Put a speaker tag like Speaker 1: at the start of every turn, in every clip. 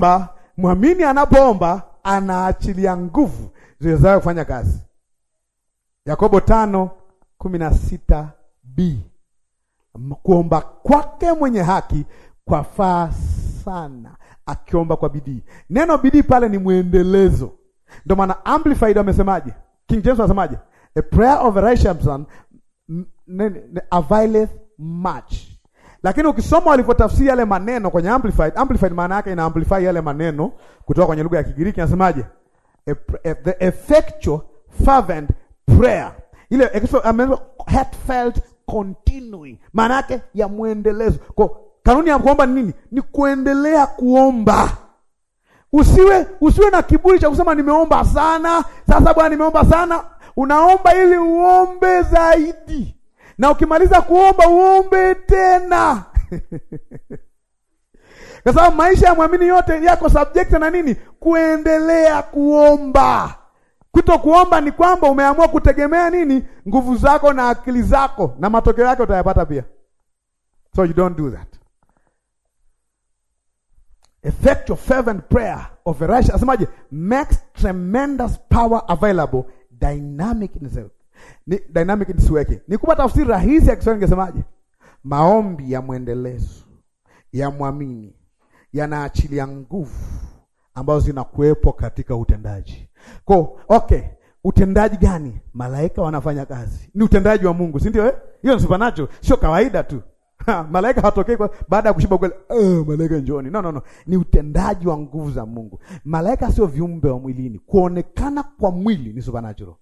Speaker 1: Ba, mwamini anapoomba anaachilia nguvu ziwezayo kufanya kazi. Yakobo tano kumi na sita b kuomba kwake mwenye haki kwafaa sana, akiomba kwa bidii. Neno bidii pale ni mwendelezo, ndio maana amplified amesemaje? King James anasemaje? a prayer of a righteous man availeth much lakini ukisoma walivyotafsiri yale maneno kwenye amplified, amplified maana yake ina amplify yale maneno kutoka kwenye lugha ya Kigiriki inasemaje? E, e, the effectual fervent prayer. Ile heartfelt continuing. Maana yake ya mwendelezo. Kwa kanuni ya kuomba ni nini? Ni kuendelea kuomba. Usiwe usiwe na kiburi cha kusema nimeomba sana, sasa bwana nimeomba sana. Unaomba ili uombe zaidi na ukimaliza kuomba uombe tena kwa sababu maisha ya mwamini yote yako subject na nini? Kuendelea kuomba. Kuto kuomba ni kwamba umeamua kutegemea nini? Nguvu zako na akili zako, na matokeo yake utayapata pia. So you don't do that. Effect of fervent prayer of a righteous, asemaje? Makes tremendous power available, dynamic in itself ni dynamic nisiweke. Nikupa tafsiri rahisi ya Kiswahili ningesemaje? Maombi ya mwendelezo ya mwamini yanaachilia nguvu ambazo zinakuwepo katika utendaji. Kwa okay, utendaji gani? Malaika wanafanya kazi, ni utendaji wa Mungu, si ndio eh? Hiyo ni supernatural, sio kawaida tu ha, malaika hatokei kwa baada ya kushiba kweli, oh, malaika njoni. No, no, no, ni utendaji wa nguvu za Mungu. Malaika sio viumbe wa mwilini, kuonekana kwa mwili ni supernatural.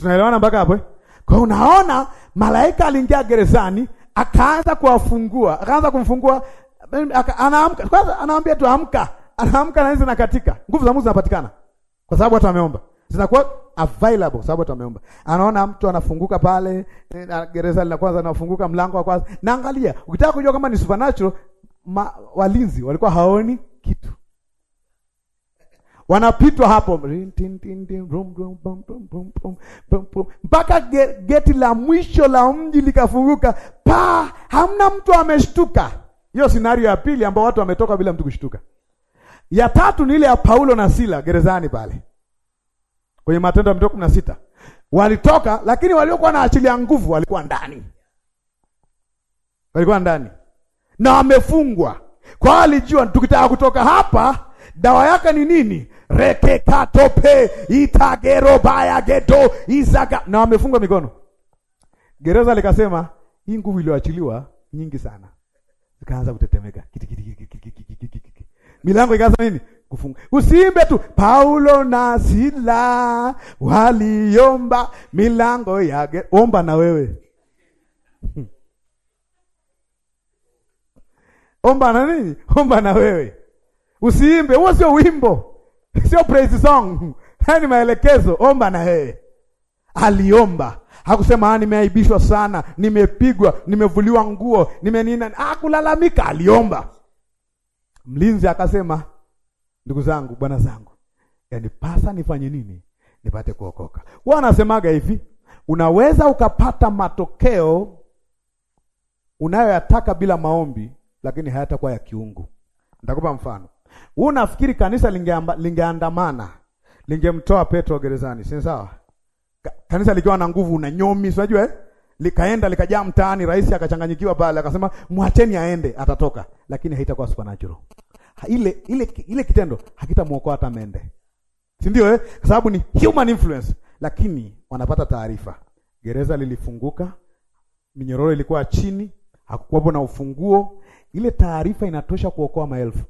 Speaker 1: Tunaelewana mpaka hapo eh? Kwa unaona malaika aliingia gerezani, akaanza kuwafungua, akaanza kumfungua, anaamka kwanza, anaambia tu amka, anaamka na hizo nakatika, nguvu za Mungu zinapatikana kwa sababu watu wameomba, zinakuwa available kwa sababu watu wameomba. Anaona mtu anafunguka pale na gereza la kwanza, anafunguka mlango wa kwanza, naangalia. Ukitaka kujua kama ni supernatural, ma, walinzi walikuwa haoni kitu wanapitwa hapo mpaka geti la mwisho la mji likafunguka, pa hamna mtu ameshtuka. Hiyo sinario ya pili, ambao watu wametoka bila mtu kushtuka. Ya tatu ni ile ya Paulo na Sila gerezani pale kwenye Matendo ya Mitume kumi na sita walitoka, lakini waliokuwa na achilia nguvu walikuwa ndani, walikuwa ndani na wamefungwa kwao. Walijua tukitaka kutoka hapa dawa yake ni nini? reke katope itagero baya geto izaga na wamefunga mikono. Gereza likasema hii nguvu iliyoachiliwa nyingi sana, ikaanza kutetemeka milango ikaanza nini kufunga. Usiimbe tu, Paulo na Sila waliomba milango ya omba, na wewe omba na nini, omba na wewe usiimbe, huo sio wimbo sio praise song. Haya yaani maelekezo, omba na yeye. Aliomba, hakusema ah, nimeaibishwa sana, nimepigwa, nimevuliwa nguo, nimenina, hakulalamika. Aliomba. Mlinzi akasema, ndugu zangu, bwana zangu, yanipasa nifanye nini nipate kuokoka? Wao anasemaga hivi, unaweza ukapata matokeo unayoyataka bila maombi, lakini hayatakuwa ya kiungu. Nitakupa mfano unafikiri kanisa lingeandamana, lingemtoa Petro gerezani, si sawa? Kanisa likiwa na nguvu na nyomi, unajua eh? Likaenda likajaa mtaani, rais akachanganyikiwa pale, akasema mwacheni aende, atatoka. Lakini haitakuwa supernatural ha, ile ile ile, kitendo hakitamuokoa hata mende, si ndio eh? Kwa sababu ni human influence. Lakini wanapata taarifa, gereza lilifunguka, minyororo ilikuwa chini, hakukuwapo na ufunguo. Ile taarifa inatosha kuokoa maelfu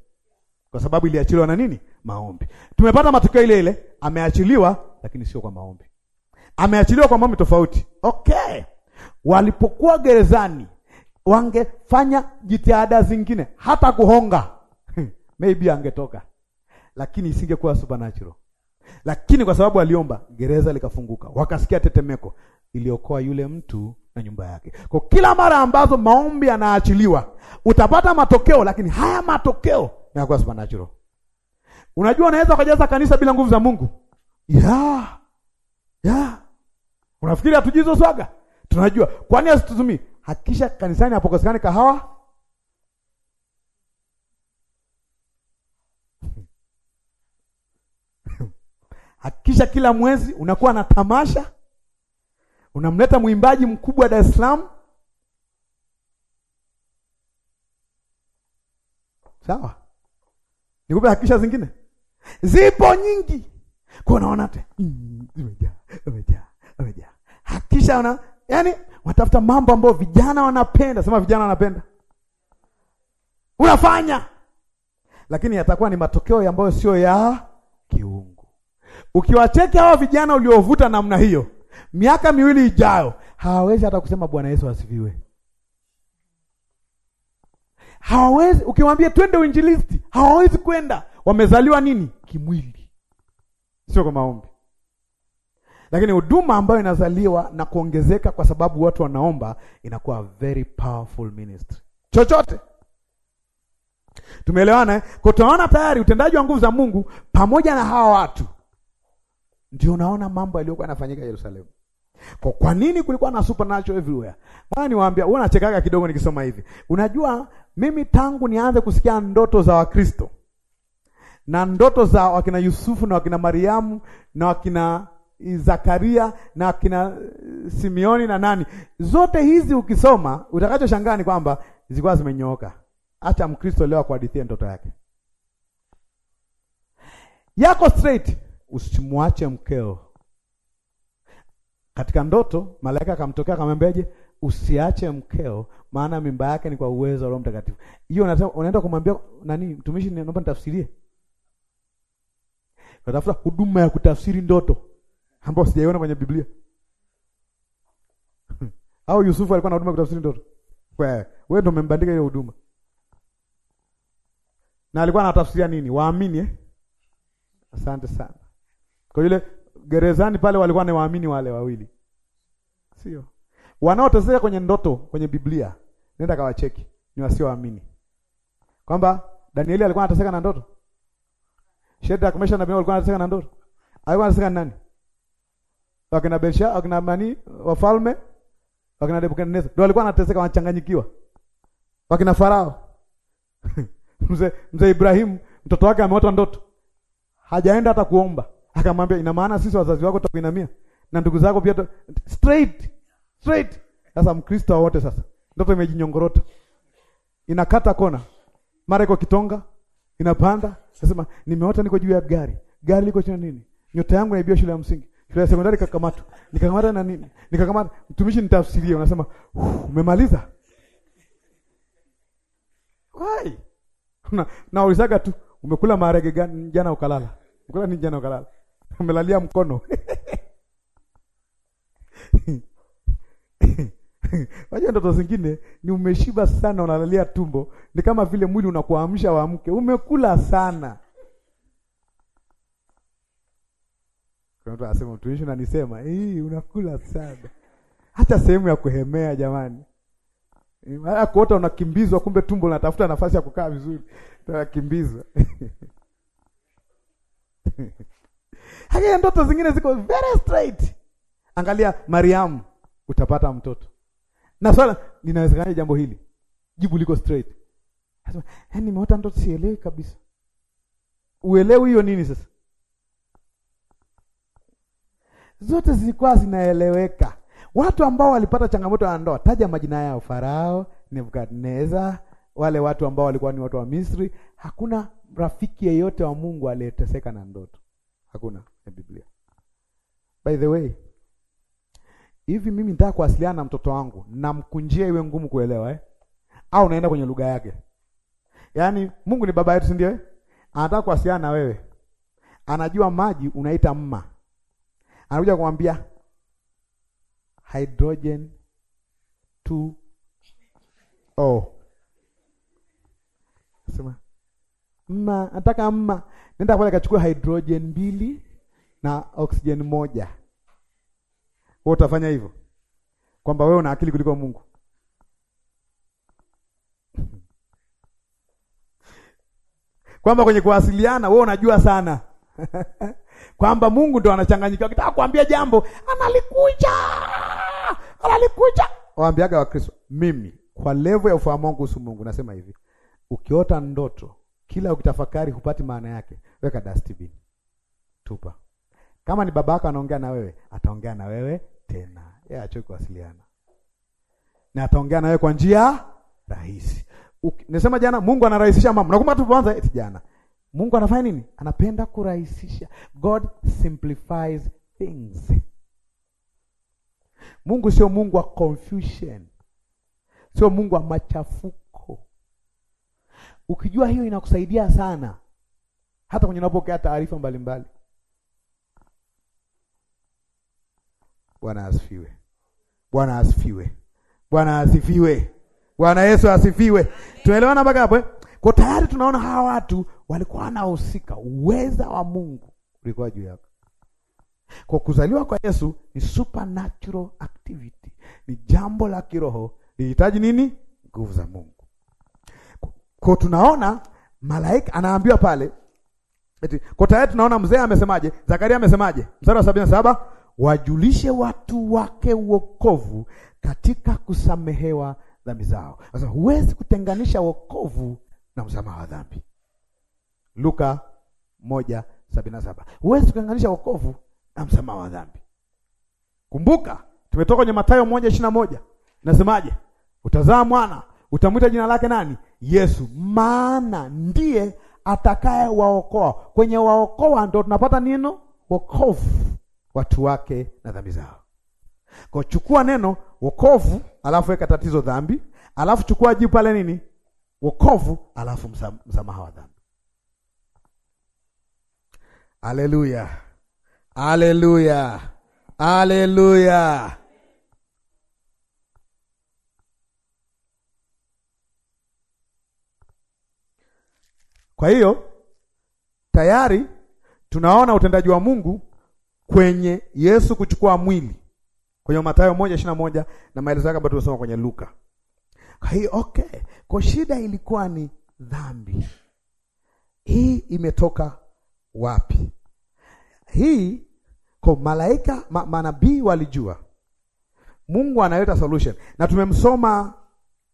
Speaker 1: kwa sababu iliachiliwa na nini? Maombi. Tumepata matokeo ile ile, ameachiliwa lakini sio kwa maombi, ameachiliwa kwa maombi tofauti. Okay, walipokuwa gerezani wangefanya jitihada zingine, hata kuhonga maybe angetoka, lakini isingekuwa supernatural. Lakini kwa sababu aliomba, gereza likafunguka, wakasikia tetemeko, iliokoa yule mtu na nyumba yake. Kwa kila mara ambazo maombi yanaachiliwa, utapata matokeo, lakini haya matokeo inakuwa supernatural. Unajua, unaweza kujaza kanisa bila nguvu za Mungu. Yeah. Yeah. Unafikiri hatujui hizo swaga? Tunajua. Kwa nini Hakikisha kanisani hapokosekani kahawa. Hakikisha kila mwezi unakuwa na tamasha. Unamleta mwimbaji mkubwa Dar es Salaam. Sawa? Nikupe hakikisha zingine zipo nyingi, kwa unaona te mm, zimejaa zimejaa zimejaa. Hakikisha una yani, watafuta mambo ambayo vijana wanapenda, sema vijana wanapenda, unafanya lakini yatakuwa ni matokeo ambayo sio ya kiungu. Ukiwacheki hao vijana uliovuta namna hiyo, miaka miwili ijayo hawawezi hata kusema Bwana Yesu asifiwe hawawezi. Ukiwaambia twende uinjilisti, hawawezi kwenda. Wamezaliwa nini? Kimwili, sio kwa maombi. Lakini huduma ambayo inazaliwa na kuongezeka kwa sababu watu wanaomba, inakuwa very powerful ministry. Chochote tumeelewana eh? Kwa tunaona tayari utendaji wa nguvu za Mungu pamoja na hawa watu, ndio unaona mambo yaliyokuwa yanafanyika Yerusalemu. Kwa, kwa nini kulikuwa na supernatural everywhere? Bwana niwaambia, wewe unachekaga kidogo nikisoma hivi. Unajua mimi tangu nianze kusikia ndoto za Wakristo na ndoto za wakina Yusufu na wakina Mariamu na wakina Zakaria na wakina eh, Simeoni na nani, zote hizi ukisoma, utakachoshangaa ni kwamba zilikuwa zimenyooka. Acha Mkristo leo akuhadithie ndoto yake yako straight. Usimwache mkeo katika ndoto. Malaika akamtokea akamwambiaje? Usiache mkeo maana mimba yake ni kwa uwezo wa Roho Mtakatifu. Hiyo unasema unaenda kumwambia nani mtumishi, naomba nitafsirie. Natafuta huduma ya kutafsiri ndoto ambayo sijaiona kwenye Biblia. Au Yusufu alikuwa na huduma ya kutafsiri ndoto? wewe ndio umembandika ile huduma. Na alikuwa anatafsiria nini? Waamini eh? Asante sana. Kwa yule gerezani pale walikuwa ni waamini wale wawili. Sio? wanaoteseka kwenye ndoto kwenye Biblia, nenda kawacheki, ni wasioamini kwamba Danieli alikuwa anateseka na ndoto, Shadraka, Meshaki na Abednego alikuwa anateseka na ndoto. Alikuwa anateseka na nani? Wakina Belsha, wakina mani wafalme, wakina Nebukadnezar ndio alikuwa anateseka, wanachanganyikiwa, wakina Farao mzee mzee Ibrahim mtoto wake ameota ndoto, hajaenda hata kuomba, akamwambia ina maana sisi wazazi wako tutakuinamia na ndugu zako pia straight straight. Sasa Mkristo wote sasa ndoto imejinyongorota, inakata kona, mara iko Kitonga, inapanda. Nasema nimeota niko juu ya gari, gari liko chini nini, nyota yangu naibia shule ya msingi, shule ya sekondari kakamata, nikakamata na nini, nikakamata. Mtumishi nitafsiria, unasema umemaliza kwai na naulizaga tu umekula marege gani jana ukalala, umekula nini jana ukalala, umelalia mkono Unajua ndoto zingine ni umeshiba sana, unalalia tumbo, ni kama vile mwili unakuamsha waamke, umekula sana. Kuna mtu anasema mtumishi, nanisema hii unakula sana, hata sehemu ya kuhemea jamani. Mara kuota unakimbizwa, kumbe tumbo linatafuta nafasi ya kukaa vizuri, tunakimbizwa Haya, ndoto zingine ziko very straight. Angalia Mariamu, utapata mtoto na swala linawezekana jambo hili. Jibu liko straight. Anasema, "Eh, nimeota ndoto sielewi kabisa." Uelewi hiyo nini sasa? Zote zilikuwa zinaeleweka. Watu ambao walipata changamoto ya ndoa, taja majina yao, Farao, Nebukadneza, wale watu ambao walikuwa ni watu wa Misri, hakuna rafiki yeyote wa Mungu aliyeteseka na ndoto. Hakuna ya Biblia. By the way, hivi mimi nitaka kuwasiliana na mtoto wangu namkunjia iwe ngumu kuelewa eh? au naenda kwenye lugha yake? Yaani Mungu ni baba yetu, si ndio? Eh? Anataka kuwasiliana na wewe, anajua maji unaita mma, anakuja kumwambia hydrogen 2 O sema mma, nataka mma, nenda pale kachukua hydrogen mbili na oxygen moja wewe utafanya hivyo kwamba wewe una akili kuliko Mungu. Kwamba kwenye kuwasiliana wewe unajua sana kwamba Mungu ndo anachanganyikiwa, akitaka kuambia jambo analikuja analikuja. Waambiaga Wakristo, mimi kwa levo ya ufahamu wangu kuhusu Mungu nasema hivi, ukiota ndoto kila ukitafakari hupati maana yake, weka dustbin, tupa. Kama ni baba yako anaongea na wewe, ataongea na wewe tena, yeye achoke kuwasiliana na, ataongea na wewe kwa njia rahisi. Nisema jana, Mungu anarahisisha mambo. Nakumbuka kwanza eti jana, Mungu anafanya nini? Anapenda kurahisisha. God simplifies things. Mungu sio Mungu wa confusion, sio Mungu wa machafuko. Ukijua hiyo inakusaidia sana, hata kwenye unapokea taarifa mbalimbali. Bwana asifiwe. Bwana asifiwe. Bwana asifiwe. Bwana Yesu asifiwe. Tunaelewana mpaka hapo eh? Kwa tayari tunaona hawa watu walikuwa wanahusika, uweza wa Mungu ulikuwa juu yako. Kwa kuzaliwa kwa Yesu ni supernatural activity, ni jambo la kiroho, lihitaji nini? Nguvu za Mungu. Kwa tunaona malaika anaambiwa pale eti, kwa tayari tunaona mzee amesemaje? Zakaria amesemaje? mstari wa sabini na saba wajulishe watu wake wokovu katika kusamehewa dhambi zao. Sasa huwezi kutenganisha wokovu na msamaha wa dhambi. Luka moja sabini na saba. Huwezi kutenganisha wokovu na msamaha wa dhambi. Kumbuka tumetoka kwenye Mathayo moja ishirini na moja nasemaje? Utazaa mwana utamwita jina lake nani? Yesu, maana ndiye atakaye waokoa. Kwenye waokoa ndo tunapata nino wokovu watu wake na dhambi zao. Kwa chukua neno wokovu, alafu weka tatizo dhambi, alafu chukua jibu pale nini? Wokovu, alafu msamaha wa dhambi. Haleluya, haleluya, haleluya. Kwa hiyo tayari tunaona utendaji wa Mungu kwenye Yesu kuchukua mwili kwenye Mathayo moja ishirini na moja na maelezo yake ambayo tumesoma kwenye Luka. Kwa hiyo okay, kwa shida ilikuwa ni dhambi. Hii imetoka wapi? Hii kwa malaika ma, manabii walijua Mungu analeta solution, na tumemsoma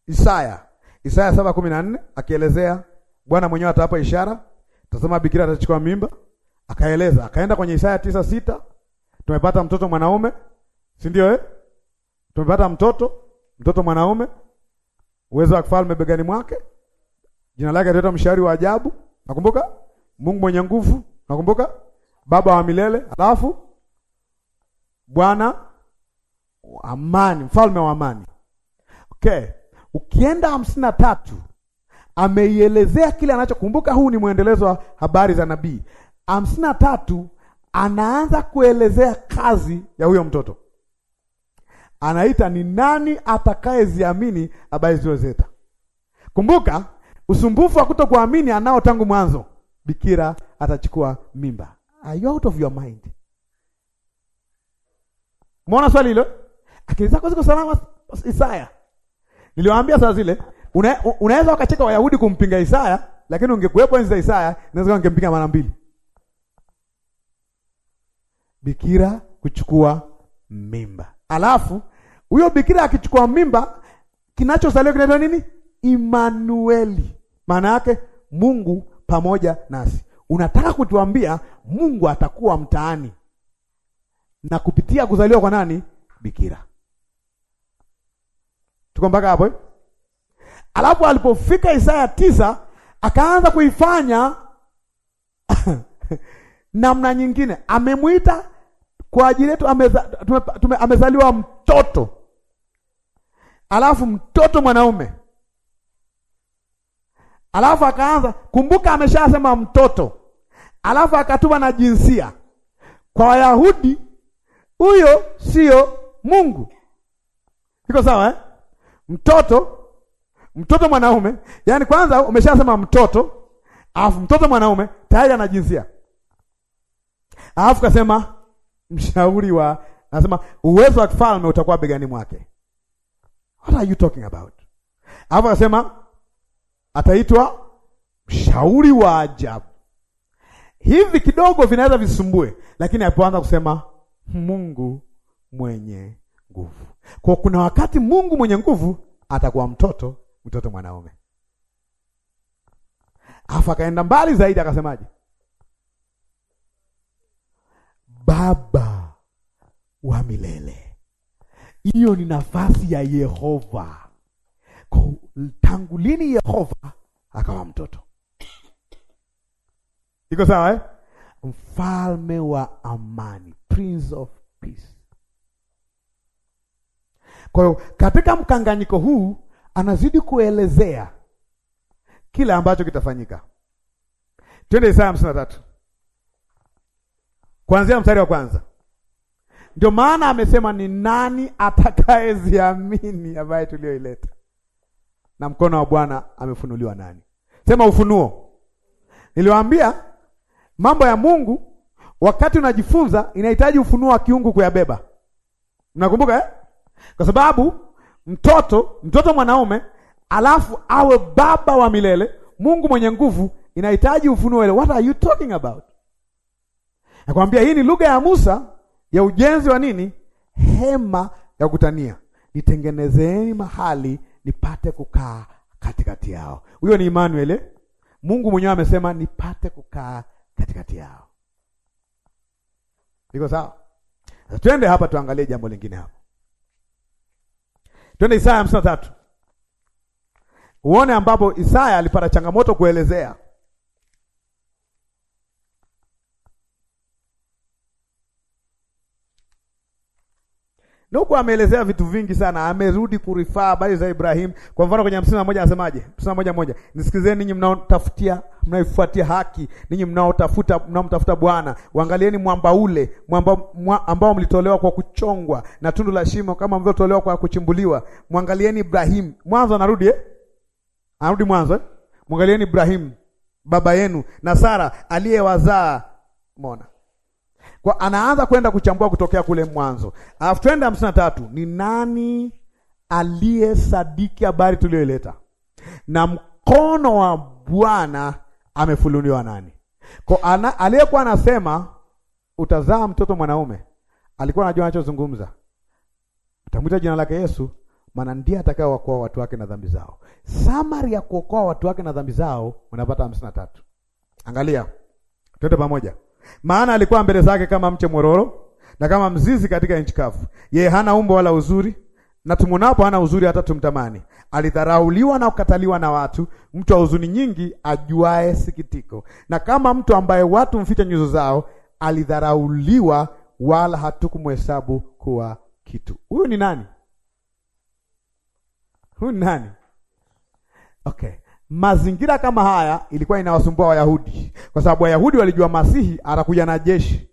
Speaker 1: Isaya Isaya saba kumi na nne akielezea Bwana mwenyewe atawapa ishara, tazama bikira atachukua mimba Akaeleza, akaenda kwenye Isaya tisa sita tumepata mtoto mwanaume, si ndio eh? Tumepata mtoto mtoto mwanaume, uwezo wa kifalme begani mwake, jina lake ataitwa mshauri wa ajabu, nakumbuka, Mungu mwenye nguvu, nakumbuka, baba wa milele, alafu Bwana amani, mfalme wa amani. Okay, ukienda hamsini na tatu ameielezea kile anachokumbuka. Huu ni mwendelezo wa habari za nabii hamsini na tatu anaanza kuelezea kazi ya huyo mtoto, anaita ni nani atakayeziamini habari zilizozeta. Kumbuka usumbufu wa kutokuamini anao tangu mwanzo, bikira atachukua mimba. Are you out of your mind? Umeona swali hilo? Akili zako ziko salama, Isaya niliwaambia saa zile unaweza una wakacheka Wayahudi kumpinga Isaya, lakini ungekuwepo enzi za Isaya, naweza ungempinga mara mbili bikira kuchukua mimba. Alafu huyo bikira akichukua mimba, kinachozaliwa kinaitwa nini? Imanueli, maana yake Mungu pamoja nasi. Unataka kutuambia Mungu atakuwa mtaani na kupitia kuzaliwa kwa nani? Bikira. Tuko mpaka hapo eh? Alafu alipofika Isaya tisa akaanza kuifanya namna nyingine, amemwita kwa ajili yetu ameza, amezaliwa mtoto, alafu mtoto mwanaume, alafu akaanza kumbuka, ameshasema mtoto, alafu akatuma na jinsia. Kwa Wayahudi huyo sio Mungu, iko sawa eh? Mtoto, mtoto mwanaume, yaani kwanza umeshasema mtoto, alafu mtoto mwanaume tayari ana jinsia, alafu kasema mshauri wa anasema uwezo wa kifalme utakuwa begani mwake. What are you talking about? Hapo akasema ataitwa mshauri wa ajabu. Hivi kidogo vinaweza visumbue, lakini alipoanza kusema Mungu mwenye nguvu. Kwa kuna wakati Mungu mwenye nguvu atakuwa mtoto, mtoto mwanaume. Afu akaenda mbali zaidi akasemaje? Baba wa milele. Hiyo ni nafasi ya Yehova. Tangu lini Yehova akawa mtoto? Iko sawa eh? Mfalme wa amani, Prince of Peace. Kwa hiyo katika mkanganyiko huu anazidi kuelezea kile ambacho kitafanyika. Twende Isaya hamsini na tatu kuanzia mstari wa kwanza. Ndio maana amesema ni nani atakayeziamini habari tuliyoileta, na mkono wa Bwana amefunuliwa nani? Sema ufunuo. Niliwaambia mambo ya Mungu, wakati unajifunza inahitaji ufunuo wa kiungu kuyabeba. Mnakumbuka eh? Kwa sababu mtoto mtoto mwanaume alafu awe baba wa milele, Mungu mwenye nguvu, inahitaji ufunuo ile. What are you talking about? Nakwambia hii ni lugha ya Musa ya ujenzi wa nini? Hema ya kutania, Nitengenezeni mahali nipate kukaa katikati yao. Huyo ni Emmanuel. Eh? Mungu mwenyewe amesema nipate kukaa katikati yao. Iko sawa? Sasa twende hapa tuangalie jambo lingine hapa. Twende Isaya hamsini na tatu uone ambapo Isaya alipata changamoto kuelezea Nuku ameelezea vitu vingi sana, amerudi kurifaa habari za Ibrahimu. Kwa mfano kwenye hamsini na moja anasemaje? hamsini na moja moja, nisikilizeni ninyi mnaotafutia mnaifuatia haki, ninyi mnaotafuta mnaomtafuta Bwana, uangalieni mwamba ule mwamba mwa, ambao mlitolewa kwa kuchongwa na tundu la shimo kama mlivyotolewa kwa kuchimbuliwa. Mwangalieni Ibrahimu. Mwanzo anarudi eh? Anarudi mwanzo eh? Mwangalieni Ibrahimu baba yenu na Sara aliyewazaa. Umeona? Kwa anaanza kwenda kuchambua kutokea kule mwanzo. Alafu twende hamsini na tatu. Ni nani aliyesadiki habari tuliyoileta? Na mkono wa Bwana amefuluniwa nani? Kwa ana, aliyekuwa anasema utazaa mtoto mwanaume alikuwa anajua anachozungumza. Utamwita jina lake Yesu, maana ndiye wakoa watu wake na dhambi zao. Samari ya kuokoa watu wake na dhambi zao unapata hamsini na tatu. Angalia, twende pamoja maana alikuwa mbele zake kama mche mororo na kama mzizi katika nchi kavu. Yeye hana umbo wala uzuri, na tumunapo hana uzuri hata tumtamani. Alidharauliwa na kukataliwa na watu, mtu wa huzuni nyingi, ajuae sikitiko, na kama mtu ambaye watu mficha nyuso zao, alidharauliwa wala hatukumhesabu kuwa kitu. Huyu ni nani? Huyu ni nani? Okay. Mazingira kama haya ilikuwa inawasumbua Wayahudi, kwa sababu Wayahudi walijua Masihi atakuja na jeshi,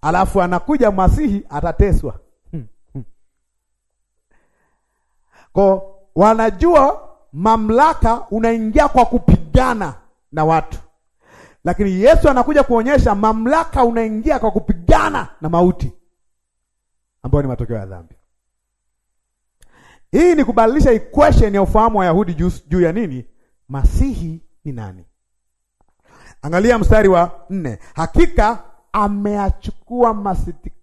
Speaker 1: alafu anakuja Masihi atateswa. Hmm, hmm. Kwa wanajua mamlaka, unaingia kwa kupigana na watu, lakini Yesu anakuja kuonyesha mamlaka, unaingia kwa kupigana na mauti ambayo ni matokeo ya dhambi. Hii ni kubadilisha equation ya ufahamu wa Yahudi juu ya nini? Masihi ni nani? Angalia mstari wa nne. Hakika ameachukua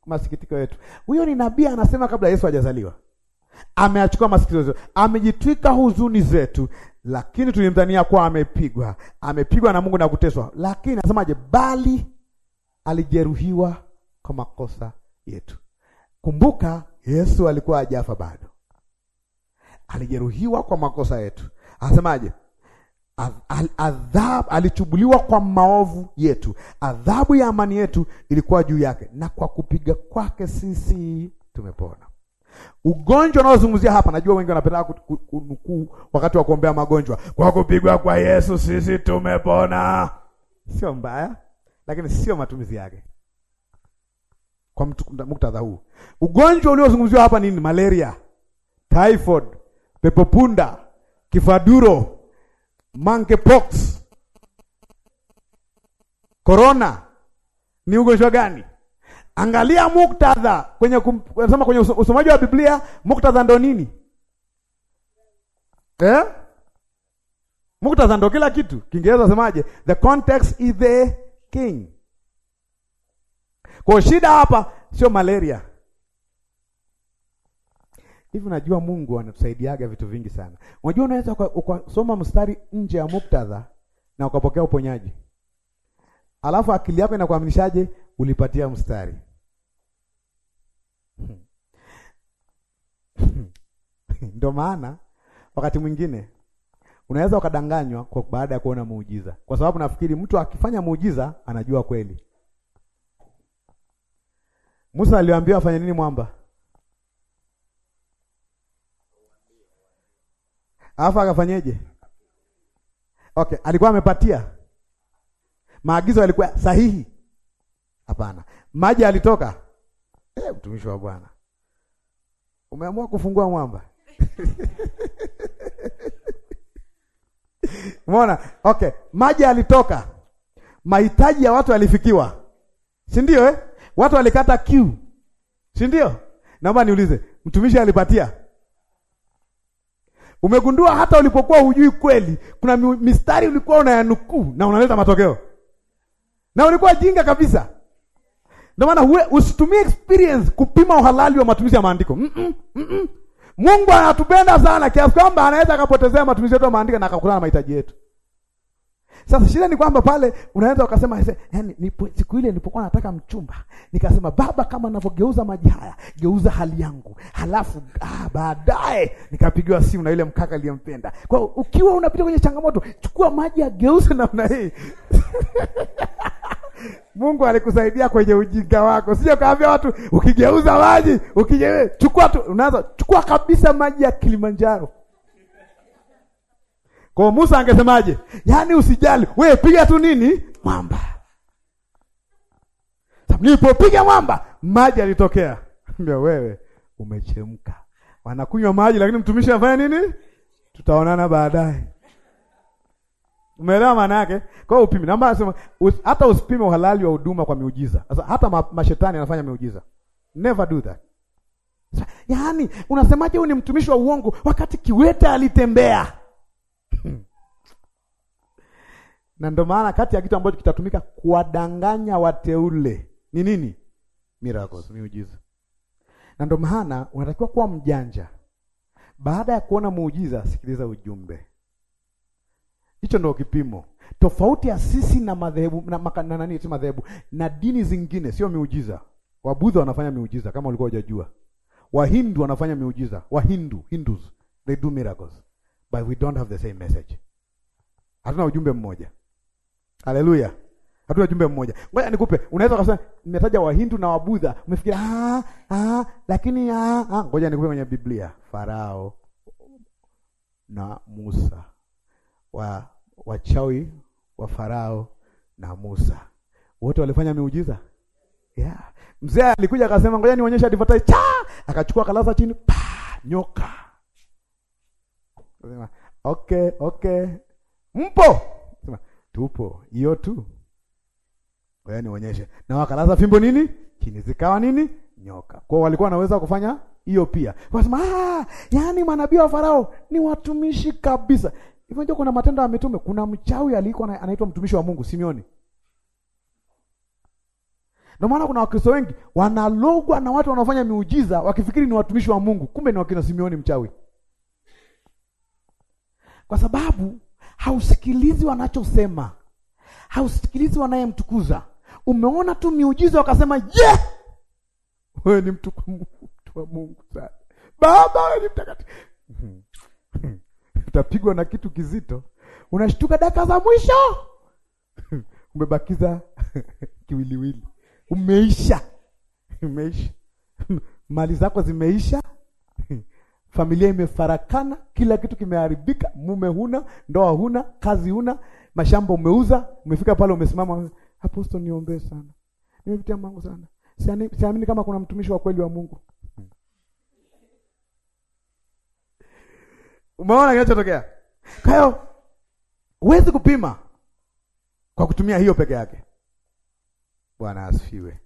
Speaker 1: masikitiko yetu. Huyo ni nabii anasema kabla Yesu hajazaliwa. Ameachukua masikitiko yetu. Amejitwika huzuni zetu, lakini tulimdhania kuwa amepigwa. Amepigwa na Mungu na kuteswa. Lakini anasemaje? Bali alijeruhiwa kwa makosa yetu. Kumbuka Yesu alikuwa hajafa bado alijeruhiwa kwa makosa yetu. Anasemaje? Adhabu, alichubuliwa kwa maovu yetu, adhabu ya amani yetu ilikuwa juu yake, na kwa kupiga kwake sisi tumepona. Ugonjwa unaozungumzia hapa, najua wengi wanapenda kunukuu wakati wa kuombea magonjwa, kwa kupigwa kwa Yesu sisi tumepona. Sio mbaya, lakini sio matumizi yake kwa muktadha huu. Ugonjwa uliozungumziwa hapa nini? Malaria, typhoid pepo punda, kifaduro, monkeypox, corona ni ugonjwa gani? Angalia muktadha kwenye kusoma, kwenye usomaji wa Biblia muktadha ndo nini eh? Muktadha ndo kila kitu. Kiingereza semaje? The context is the king. Kwa shida hapa sio malaria Hivi unajua Mungu anatusaidiaga vitu vingi sana. Unajua unaweza ukasoma mstari nje ya muktadha na ukapokea uponyaji. Alafu akili yako inakuaminishaje ulipatia mstari? Ndio maana wakati mwingine unaweza ukadanganywa kwa baada ya kuona muujiza, kwa sababu nafikiri mtu akifanya muujiza anajua kweli. Musa aliwaambia afanye nini mwamba? Alafu akafanyeje? Okay, alikuwa amepatia maagizo, yalikuwa sahihi? Hapana. Maji alitoka eh, mtumishi wa Bwana, umeamua kufungua mwamba Umeona? Okay, maji alitoka, mahitaji ya watu yalifikiwa, si ndio eh? Watu walikata queue, si ndio? Naomba niulize, mtumishi alipatia? Umegundua hata ulipokuwa hujui kweli, kuna mistari ulikuwa unayanukuu na unaleta matokeo, na ulikuwa jinga kabisa. Ndio maana usitumie experience kupima uhalali wa matumizi ya maandiko. mm -mm, mm -mm. Mungu anatupenda sana kiasi kwamba anaweza akapotezea matumizi yetu ya maandiko na akakutana na mahitaji yetu. Sasa shida ni kwamba pale unaweza ukasema, nipo, siku ile nilipokuwa nataka mchumba nikasema, Baba, kama ninavyogeuza maji haya, geuza hali yangu, halafu ah, baadaye nikapigiwa simu na yule mkaka aliyempenda. Kwa hiyo ukiwa unapita kwenye changamoto, chukua maji, ageuze namna hii Mungu alikusaidia kwenye ujinga wako, sio kaambia watu ukigeuza maji ukijewe chukua tu, unaanza chukua kabisa maji ya Kilimanjaro. Kwa Musa angesemaje? Yaani usijali, we piga tu nini? Mwamba. Sababu nilipopiga mwamba, maji yalitokea. Ndio wewe umechemka. Wanakunywa maji lakini mtumishi afanya nini? Tutaonana baadaye. Umeelewa maana yake? Kwa hiyo upime. Naomba nasema us, hata usipime uhalali wa huduma kwa miujiza. Sasa hata ma, mashetani anafanya miujiza. Never do that. Yaani unasemaje huyu ni mtumishi wa uongo wakati kiwete alitembea? Hmm. na ndio maana kati ya kitu ambacho kitatumika kuwadanganya wateule ni nini? Miracles, miujiza. Na ndio maana unatakiwa kuwa mjanja. Baada ya kuona muujiza, sikiliza ujumbe. Hicho ndio kipimo. Tofauti ya sisi na madhehebu na, maka, na nani, si madhehebu na dini zingine, sio miujiza. Wabudha wanafanya miujiza kama ulikuwa hujajua. Wahindu wanafanya miujiza. Wahindu, Hindus, they do miracles but we don't have the same message. Hatuna ujumbe mmoja. Haleluya. Hatuna ujumbe mmoja. Ngoja nikupe. Unaweza kusema nimetaja Wahindu na Wabudha. umefikiri ah ah lakini ah, ah. Ngoja nikupe kwenye Biblia. Farao na Musa. Wa wachawi wa Farao na Musa. Wote walifanya miujiza? Yeah. Mzee alikuja akasema ngoja nionyeshe advertise. Akachukua kalasa chini. Pa, nyoka. Sema, okay, okay. Mpo? Sema, tupo. Hiyo tu. Kwa nionyeshe. Na wakalaza fimbo nini? Chini zikawa nini? Nyoka. Kwa walikuwa wanaweza kufanya hiyo pia. Wasema, ah, yani manabii wa Farao ni watumishi kabisa. Hivyo kuna matendo ya mitume. Kuna mchawi alikuwa anaitwa mtumishi wa Mungu, Simioni. Ndio maana kuna Wakristo wengi wanalogwa na watu wanaofanya miujiza wakifikiri ni watumishi wa Mungu, kumbe ni wakina Simioni mchawi kwa sababu hausikilizi wanachosema, hausikilizi wanayemtukuza. Umeona tu miujiza, wakasema je, yeah! wewe ni mtu wa Mungu sana baba, wewe ni mtakatifu utapigwa na kitu kizito, unashtuka dakika za mwisho umebakiza kiwiliwili, umeisha, umeisha mali zako zimeisha familia imefarakana, kila kitu kimeharibika, mume huna, ndoa huna, kazi huna, mashamba umeuza, umefika pale umesimama, Apostle, niombee sana, nimepitia mambo sana, siamini kama kuna mtumishi wa kweli wa Mungu. Umeona kinachotokea? Kwa hiyo huwezi kupima kwa kutumia hiyo peke yake. Bwana asifiwe.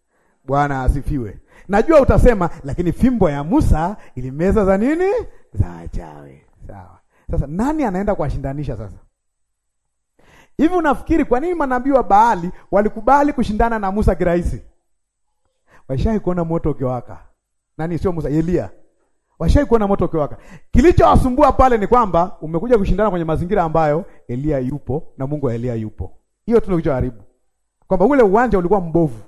Speaker 1: Bwana asifiwe. Najua utasema lakini fimbo ya Musa ilimeza za nini? Za wachawi. Sawa. Sasa nani anaenda kuwashindanisha sasa? Hivi unafikiri kwa nini manabii wa Baali walikubali kushindana na Musa kirahisi? Washai kuona moto ukiwaka. Nani sio Musa, Elia. Washai kuona moto ukiwaka. Kilichowasumbua pale ni kwamba umekuja kushindana kwenye mazingira ambayo Elia yupo na Mungu wa Elia yupo. Hiyo tu Kwamba ule uwanja ulikuwa mbovu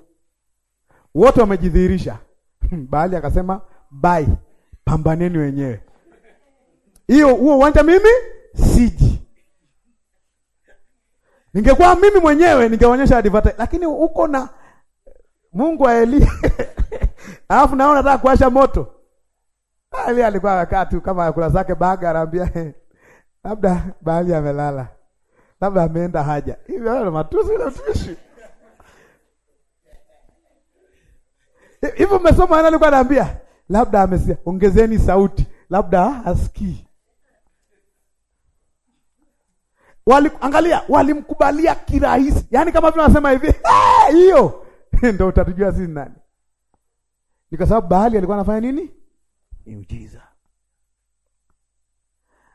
Speaker 1: wote wamejidhihirisha. Hmm, Baali akasema bai, pambaneni wenyewe, hiyo huo uwanja mimi siji. Ningekuwa mimi mwenyewe ningeonyesha advertise, lakini uko na Mungu wa Elia alafu naona nataka kuwasha moto. Elia alikuwa amekaa tu kama akula zake baga, anaambia labda Baali amelala, labda ameenda haja hivyo, matusi na tushi Hivyo umesoma nani alikuwa anaambia? Labda amesikia. Ongezeni sauti. Labda asikii. Wali, angalia walimkubalia kirahisi, yaani kama vile wanasema hivi hiyo ndio utatujua sisi nani. Ni kwa sababu Bahali alikuwa anafanya nini? Miujiza.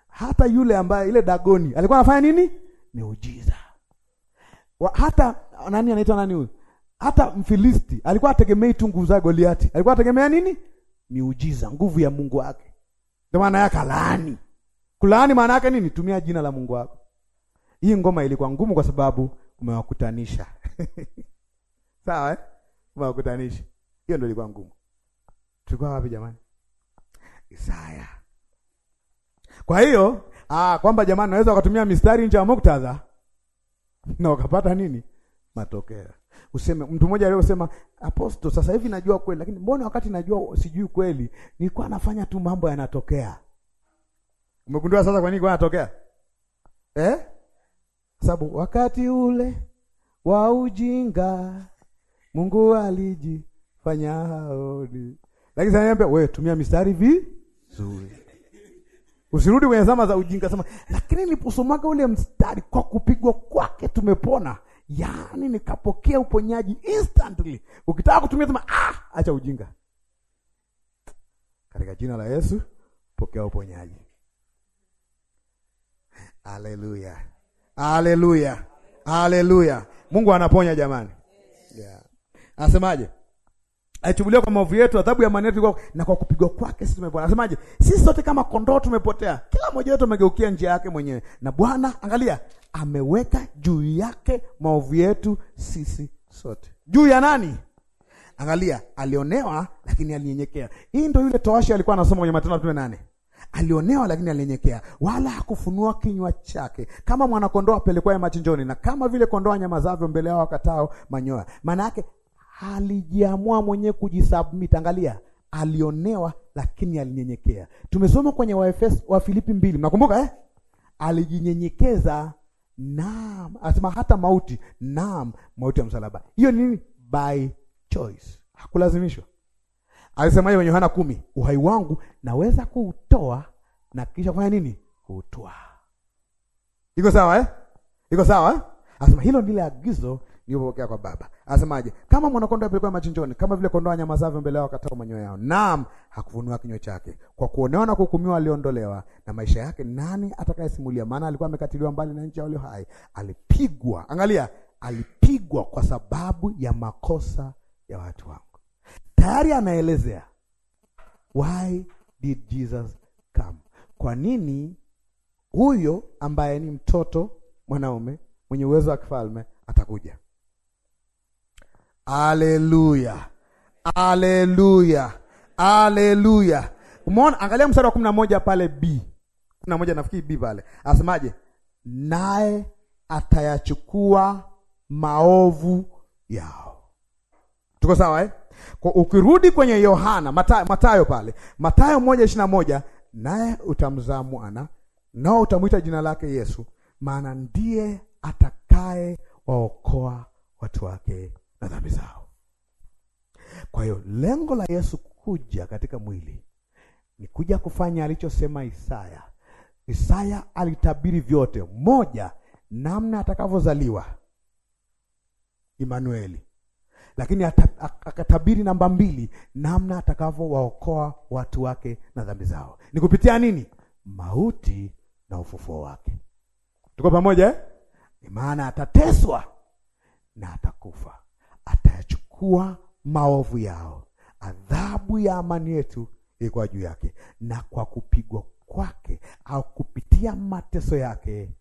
Speaker 1: Hata yule ambaye ile Dagoni alikuwa anafanya nini? Miujiza. Hata nani anaitwa nani huyu? Hata Mfilisti alikuwa ategemei tu nguvu za Goliati, alikuwa ategemea nini? Miujiza, nguvu ya Mungu wake. Ndio maana yake laani. Kulaani maana yake nini? Tumia jina la Mungu wako. Hii ngoma ilikuwa ngumu kwa sababu umewakutanisha. Sawa eh? Umewakutanisha. Hiyo ndio ilikuwa ngumu. Tulikuwa wapi jamani? Isaya. Kwa hiyo, ah, kwamba jamani naweza kutumia mistari nje ya muktadha na ukapata nini? Matokeo useme. Mtu mmoja leo sema aposto, sasa hivi najua kweli, lakini mbona wakati najua sijui kweli? Nilikuwa nafanya tu mambo yanatokea. Umegundua sasa kwa nini kwa yanatokea? Eh? Sababu wakati ule wa ujinga Mungu alijifanya haoni. Lakini sasa niambia wewe, tumia mistari vizuri. Usirudi kwenye zama za ujinga, sema lakini niliposomaga ule mstari kwa kupigwa kwake tumepona yaani nikapokea uponyaji instantly. Ukitaka kutumia sema ah, acha ujinga, katika jina la Yesu pokea uponyaji. Haleluya, haleluya, haleluya! Mungu anaponya jamani, yeah. Anasemaje? alichubuliwa kwa maovu yetu, adhabu ya amani yetu, na kwa kupigwa kwake sisi tumepona. Anasemaje? Sisi sote kama kondoo tumepotea, kila mmoja wetu amegeukia njia yake mwenyewe, na Bwana angalia, ameweka juu yake maovu yetu sisi sote. Juu ya nani? Angalia, alionewa lakini alinyenyekea. Hii ndio yule toashi alikuwa anasoma kwenye Matendo ya nane alionewa lakini alinyenyekea, wala hakufunua kinywa chake. Kama mwanakondoo apelekwaye machinjoni, na kama vile kondoo anyamazavyo mbele yao wakatao manyoya. Maana yake alijiamua mwenyewe kujisubmit. Angalia, alionewa lakini alinyenyekea. Tumesoma kwenye Waefeso wa Filipi mbili, mnakumbuka eh? Alijinyenyekeza, naam, asema hata mauti, naam, mauti ya msalaba. Hiyo nini? By choice, hakulazimishwa. Alisema hiyo Yohana kumi, uhai wangu naweza kuutoa na kisha kufanya nini? Kuutoa. Iko sawa eh? Iko sawa eh? Asema hilo ndile agizo nilipopokea kwa Baba. Anasemaje? Kama mwanakondoo apelekwa machinjoni, kama vile kondoo anyamazavyo mbele yao akatao manyoya yao. Naam, hakufunua kinywa chake. Kwa kuonewa na kuhukumiwa aliondolewa, na maisha yake nani atakayesimulia? Maana alikuwa amekatiliwa mbali na nchi ya walio hai, alipigwa. Angalia, alipigwa kwa sababu ya makosa ya watu wangu. Tayari anaelezea why did Jesus come, kwa nini huyo ambaye ni mtoto mwanaume mwenye uwezo wa kifalme atakuja. Haleluya, aleluya haleluya. Umeona, angalia mstari wa kumi na moja pale B kumi na moja nafikiri B pale asemaje? Naye atayachukua maovu yao. Tuko sawa eh? Kwa ukirudi kwenye Yohana Mathayo, Matayo pale Matayo moja ishirini na moja naye utamzaa mwana nao utamwita jina lake Yesu, maana ndiye atakaye waokoa watu wake na dhambi zao. Kwa hiyo lengo la Yesu kuja katika mwili ni kuja kufanya alichosema Isaya. Isaya alitabiri vyote, moja, namna atakavyozaliwa Imanueli, lakini akatabiri namba mbili, namna atakavyowaokoa watu wake na dhambi zao. Ni kupitia nini? Mauti na ufufuo wake. Tuko pamoja eh? Ni maana atateswa na atakufa atayachukua maovu yao. Adhabu ya amani yetu ilikuwa juu yake, na kwa kupigwa kwake au kupitia mateso yake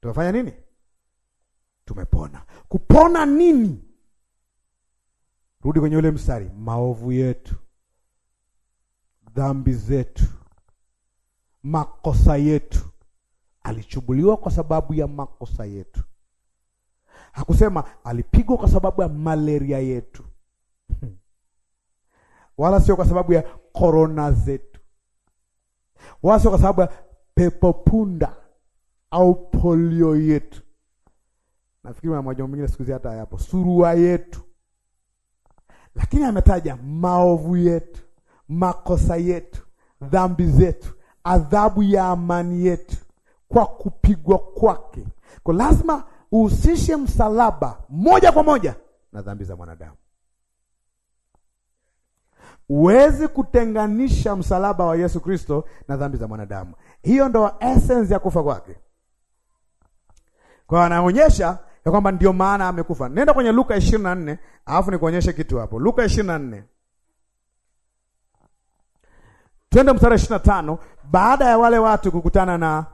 Speaker 1: tumefanya nini? Tumepona. Kupona nini? Rudi kwenye ule mstari, maovu yetu, dhambi zetu, makosa yetu. Alichubuliwa kwa sababu ya makosa yetu Hakusema alipigwa kwa sababu ya malaria yetu wala sio kwa sababu ya korona zetu wala sio kwa sababu ya pepo punda au polio yetu. Nafikiri na majongo mengine siku hizi hata hayapo, surua yetu. Lakini ametaja maovu yetu, makosa yetu, dhambi zetu, adhabu ya amani yetu, kwa kupigwa kwake. Kwa lazima uhusishe msalaba moja kwa moja na dhambi za mwanadamu. Huwezi kutenganisha msalaba wa Yesu Kristo na dhambi za mwanadamu. Hiyo ndo essence ya kufa kwake. Kwa anaonyesha ya kwamba ndio maana amekufa. Nenda kwenye Luka 24, alafu nikuonyeshe kitu hapo. Luka 24. Twende mstari 25 baada ya wale watu kukutana na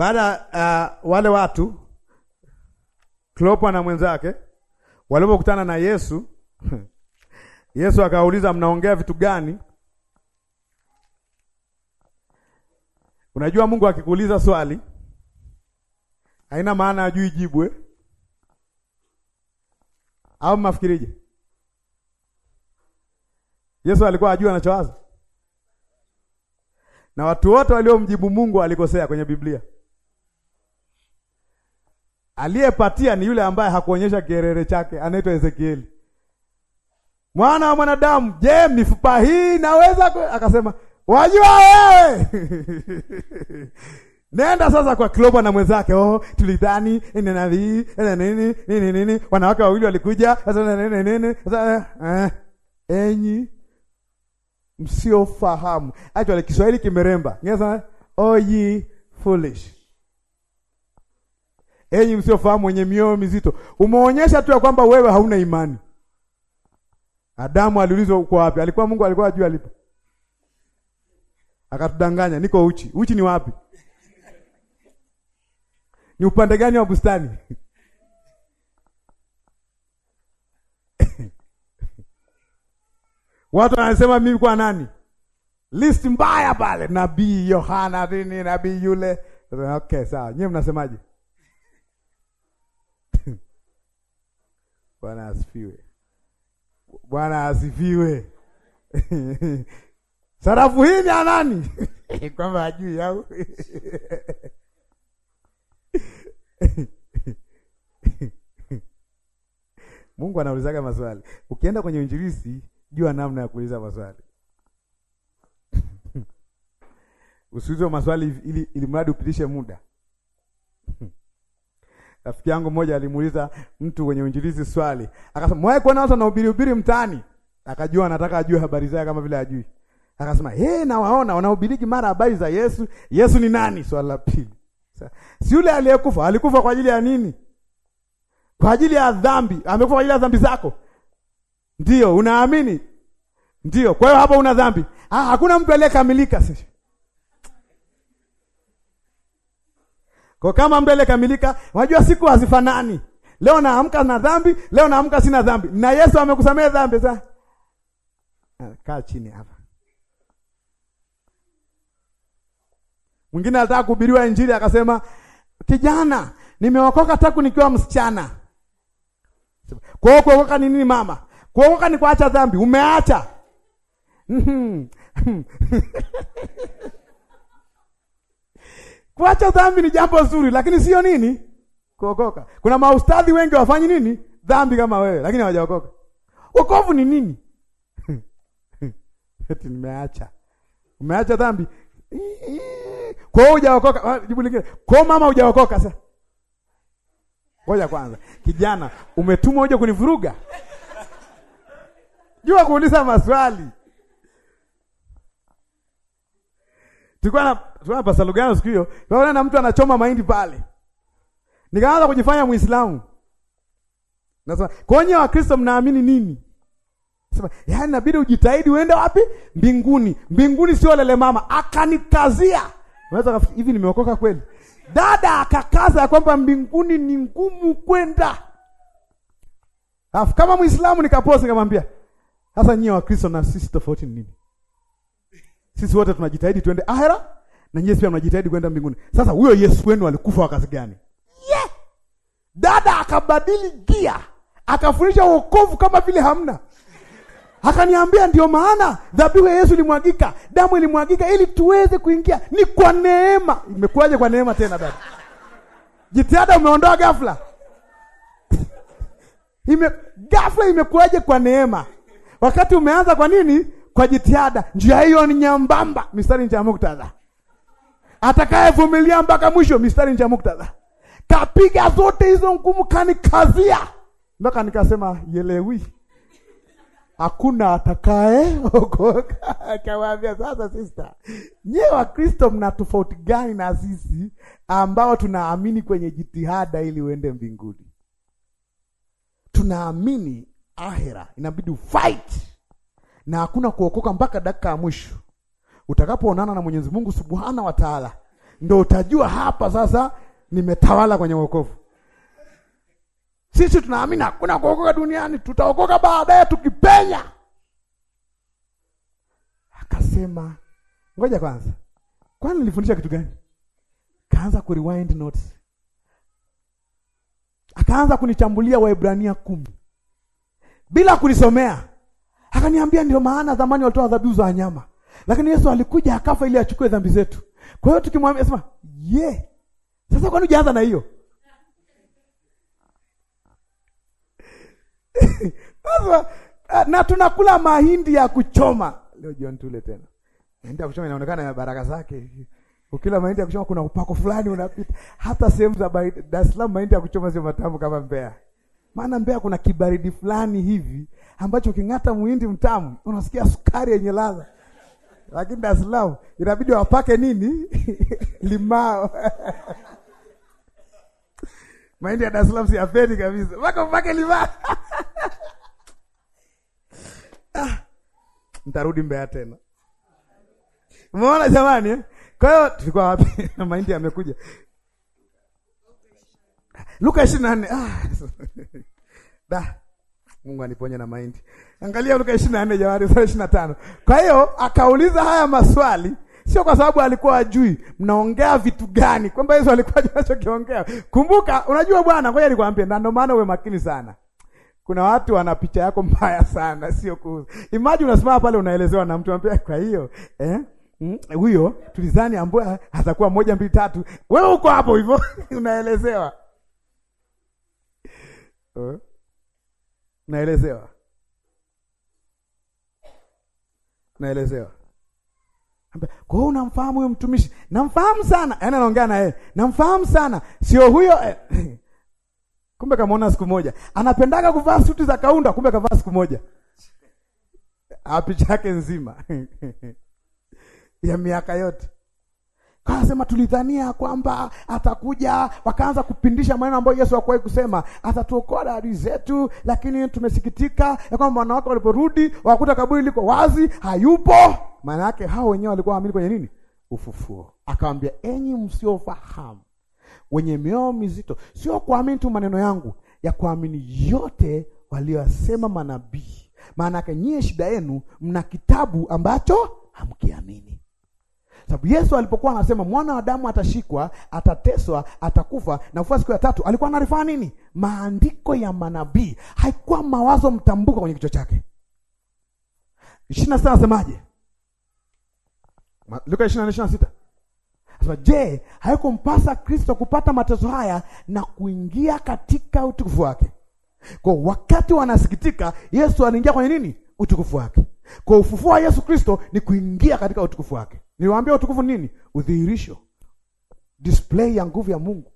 Speaker 1: Baada uh, wale watu Klopa na mwenzake walipokutana na Yesu Yesu akauliza, mnaongea vitu gani? Unajua, Mungu akikuuliza swali haina maana ajui jibu eh? Au mafikirije Yesu alikuwa ajui anachowaza, na watu wote waliomjibu Mungu walikosea kwenye Biblia. Aliyepatia ni yule ambaye hakuonyesha kierere chake, anaitwa Ezekieli. Mwana wa mwanadamu, je, mifupa hii naweza? Akasema, wajua wewe Nenda sasa kwa Kloba na mwenzake. Oh, tulidhani ina nini nini nini, wanawake wawili walikuja sasa nini nini sasa eh, enyi msiofahamu. Acha Kiswahili kimeremba. Ngeza, oh ye foolish enyi msiofahamu, wenye mioyo mizito. Umeonyesha tu ya kwamba wewe hauna imani. Adamu aliulizwa uko wapi? Alikuwa Mungu alikuwa ajua alipo, akatudanganya, niko uchi. Uchi ni wapi? Ni upande gani wa bustani? Watu wanasema mimi kwa nani? List mbaya pale, nabii Yohana nini, nabii yule. Okay, sawa. Nyewe mnasemaje? Bwana asifiwe. Bwana asifiwe. Sarafu hii ni ya nani? Eh, kwamba ajui au? Mungu anaulizaga maswali. Ukienda kwenye Injilisi, jua namna ya kuuliza maswali. Usiulize maswali ili, ili mradi upitishe muda. Rafiki yangu mmoja alimuuliza mtu mwenye uinjilizi swali, akasema mwae kuona watu wanahubiri hubiri mtaani, akajua anataka ajue habari zake kama vile ajui, akasema eh, nawaona wanahubiriki mara habari za Yesu. Yesu ni nani? Swali la pili, si yule aliyekufa. Alikufa kwa ajili ya nini? Kwa ajili ya dhambi. Amekufa kwa ajili ya dhambi zako, ndio unaamini? Ndio. Kwa hiyo hapo una dhambi. Ah, hakuna mtu aliyekamilika sisi Kwa kama mbele kamilika wajua siku hazifanani. Leo naamka na dhambi, leo naamka sina dhambi. Na Yesu amekusamea dhambi za. Ah, kaa chini hapa. Mwingine alitaka kuhubiriwa Injili akasema, "Kijana, nimeokoka tangu nikiwa msichana." Kwa hiyo kuokoka ni nini mama? Kuokoka ni kuacha dhambi. Umeacha. Mhm. Kuacha dhambi ni jambo zuri, lakini sio nini kuokoka. Kuna maustadhi wengi wafanyi nini dhambi kama wewe, lakini hawajaokoka. Wokovu ni nini? Eti nimeacha umeacha dhambi kwa hiyo hujaokoka. Ah, jibu lingine kwa mama, hujaokoka. Sasa ngoja kwanza, kijana, umetumwa uje kunivuruga? Jua kuuliza maswali. Tulikuwa na tunaona Pastor Lugano siku hiyo, tunaona na mtu anachoma mahindi pale. Nikaanza kujifanya Muislamu. Nasema, kwa nini Wakristo mnaamini nini? Sema, yaani inabidi ujitahidi uende wapi? Mbinguni. Mbinguni sio lele mama. Akanikazia. Unaweza kafikiri hivi nimeokoka kweli? Dada akakaza kwamba mbinguni ni ngumu kwenda. Alafu kama Muislamu nikapose nikamwambia, sasa nyie Wakristo na sisi tofauti ni nini? Sisi wote tunajitahidi tuende ahera na nyinyi pia mnajitahidi kwenda mbinguni. Sasa huyo Yesu wenu alikufa wakati gani? Ye Yeah! Dada akabadili gia, akafundisha wokovu kama vile hamna. Akaniambia ndio maana dhabihu ya Yesu ilimwagika, damu ilimwagika ili tuweze kuingia. Ni kwa neema. Imekuwaje kwa neema tena dada? Jitihada umeondoa ghafla. Ime ghafla imekuwaje kwa neema? Wakati umeanza kwa nini? Kwa jitihada. Njia hiyo ni nyambamba. Mistari nje ya muktadha atakayevumilia mpaka mwisho, mistari nje ya muktadha. Kapiga zote hizo ngumu, kanikazia mpaka nikasema yelewi, hakuna atakaye okoka. Akawaambia sasa, nyie wa Wakristo mna tofauti gani na sisi ambao tunaamini kwenye jitihada ili uende mbinguni? Tunaamini ahera, inabidi ufight na hakuna kuokoka mpaka dakika ya mwisho. Utakapoonana na Mwenyezi Mungu Subhana wa Taala, ndio utajua hapa sasa nimetawala kwenye wokovu. Sisi tunaamini hakuna kuokoka duniani, tutaokoka baadaye tukipenya. Akasema ngoja kwanza, kwani nilifundisha kitu gani? Kaanza ku rewind notes, akaanza kunichambulia Waebrania kumi bila kunisomea, akaniambia ndio maana zamani walitoa dhabihu za wanyama lakini Yesu alikuja akafa ili achukue dhambi zetu. Kwa hiyo tukimwambia sema, "Ye, yeah. Sasa kwani ujaanza na hiyo?" Sasa na tunakula mahindi ya kuchoma. Leo jioni tule tena. Mahindi ya kuchoma inaonekana ya baraka zake. Ukila mahindi ya kuchoma kuna upako fulani unapita. Hata sehemu za Dar es Salaam mahindi ya kuchoma sio matamu kama Mbeya. Maana Mbeya kuna kibaridi fulani hivi ambacho king'ata muhindi mtamu unasikia sukari yenye ladha lakini Dar es Salaam inabidi wapake nini? limao mahindi ya Dar es Salaam siyapendi kabisa, mpaka mpake limao ah, ntarudi Mbeya tena. Umeona jamani eh? Kwa hiyo tulikuwa wapi? mahindi yamekuja Luka ishirini na nne ah, Mungu aniponye na mahindi. Angalia Luka 24 Januari 25. Kwa hiyo akauliza haya maswali sio kwa sababu alikuwa ajui mnaongea vitu gani, kwamba Yesu alikuwa anachokiongea. Kumbuka, unajua bwana, ngoja nikwambie, na ndio maana uwe makini sana. Kuna watu wana picha yako mbaya sana, sio ku imagine unasimama pale unaelezewa na mtu anambia, kwa hiyo eh mm, huyo mm, tulizani ambaye hatakuwa moja mbili tatu, wewe uko hapo hivyo unaelezewa uh. Naelezewa, naelezewa. Kwa hiyo unamfahamu huyo mtumishi? Namfahamu sana, yaani anaongea na yeye, namfahamu sana, sio huyo eh. Kumbe kamwona siku moja, anapendaga kuvaa suti za kaunda, kumbe kavaa siku moja, apicha yake nzima ya miaka yote Anasema tulidhania kwamba atakuja, wakaanza kupindisha maneno ambayo Yesu hakuwahi kusema, atatuokoa na adui zetu, lakini tumesikitika ya kwamba wanawake waliporudi wakakuta kaburi liko wazi, hayupo. Maana yake hao wenyewe walikuwa waamini kwenye nini? Ufufuo. Akamwambia, enyi msiofahamu, wenye mioyo mizito, sio kuamini tu maneno yangu, ya kuamini yote waliyosema manabii. Maana yake nyie, shida yenu, mna kitabu ambacho hamkiamini sababu Yesu alipokuwa anasema mwana wa damu atashikwa, atateswa, atakufa na kufa siku ya tatu, alikuwa anarifaa nini? Maandiko ya manabii, haikuwa mawazo mtambuka kwenye kichwa chake. ishirini na sita anasemaje? Luka ishirini na ishirini na sita anasema je, haikumpasa Kristo kupata mateso haya na kuingia katika utukufu wake? Kwa wakati wanasikitika, Yesu aliingia kwenye nini? Utukufu wake. Kwa ufufuo wa Yesu Kristo ni kuingia katika utukufu wake. Niliwaambia utukufu nini? Udhihirisho, display ya nguvu ya Mungu.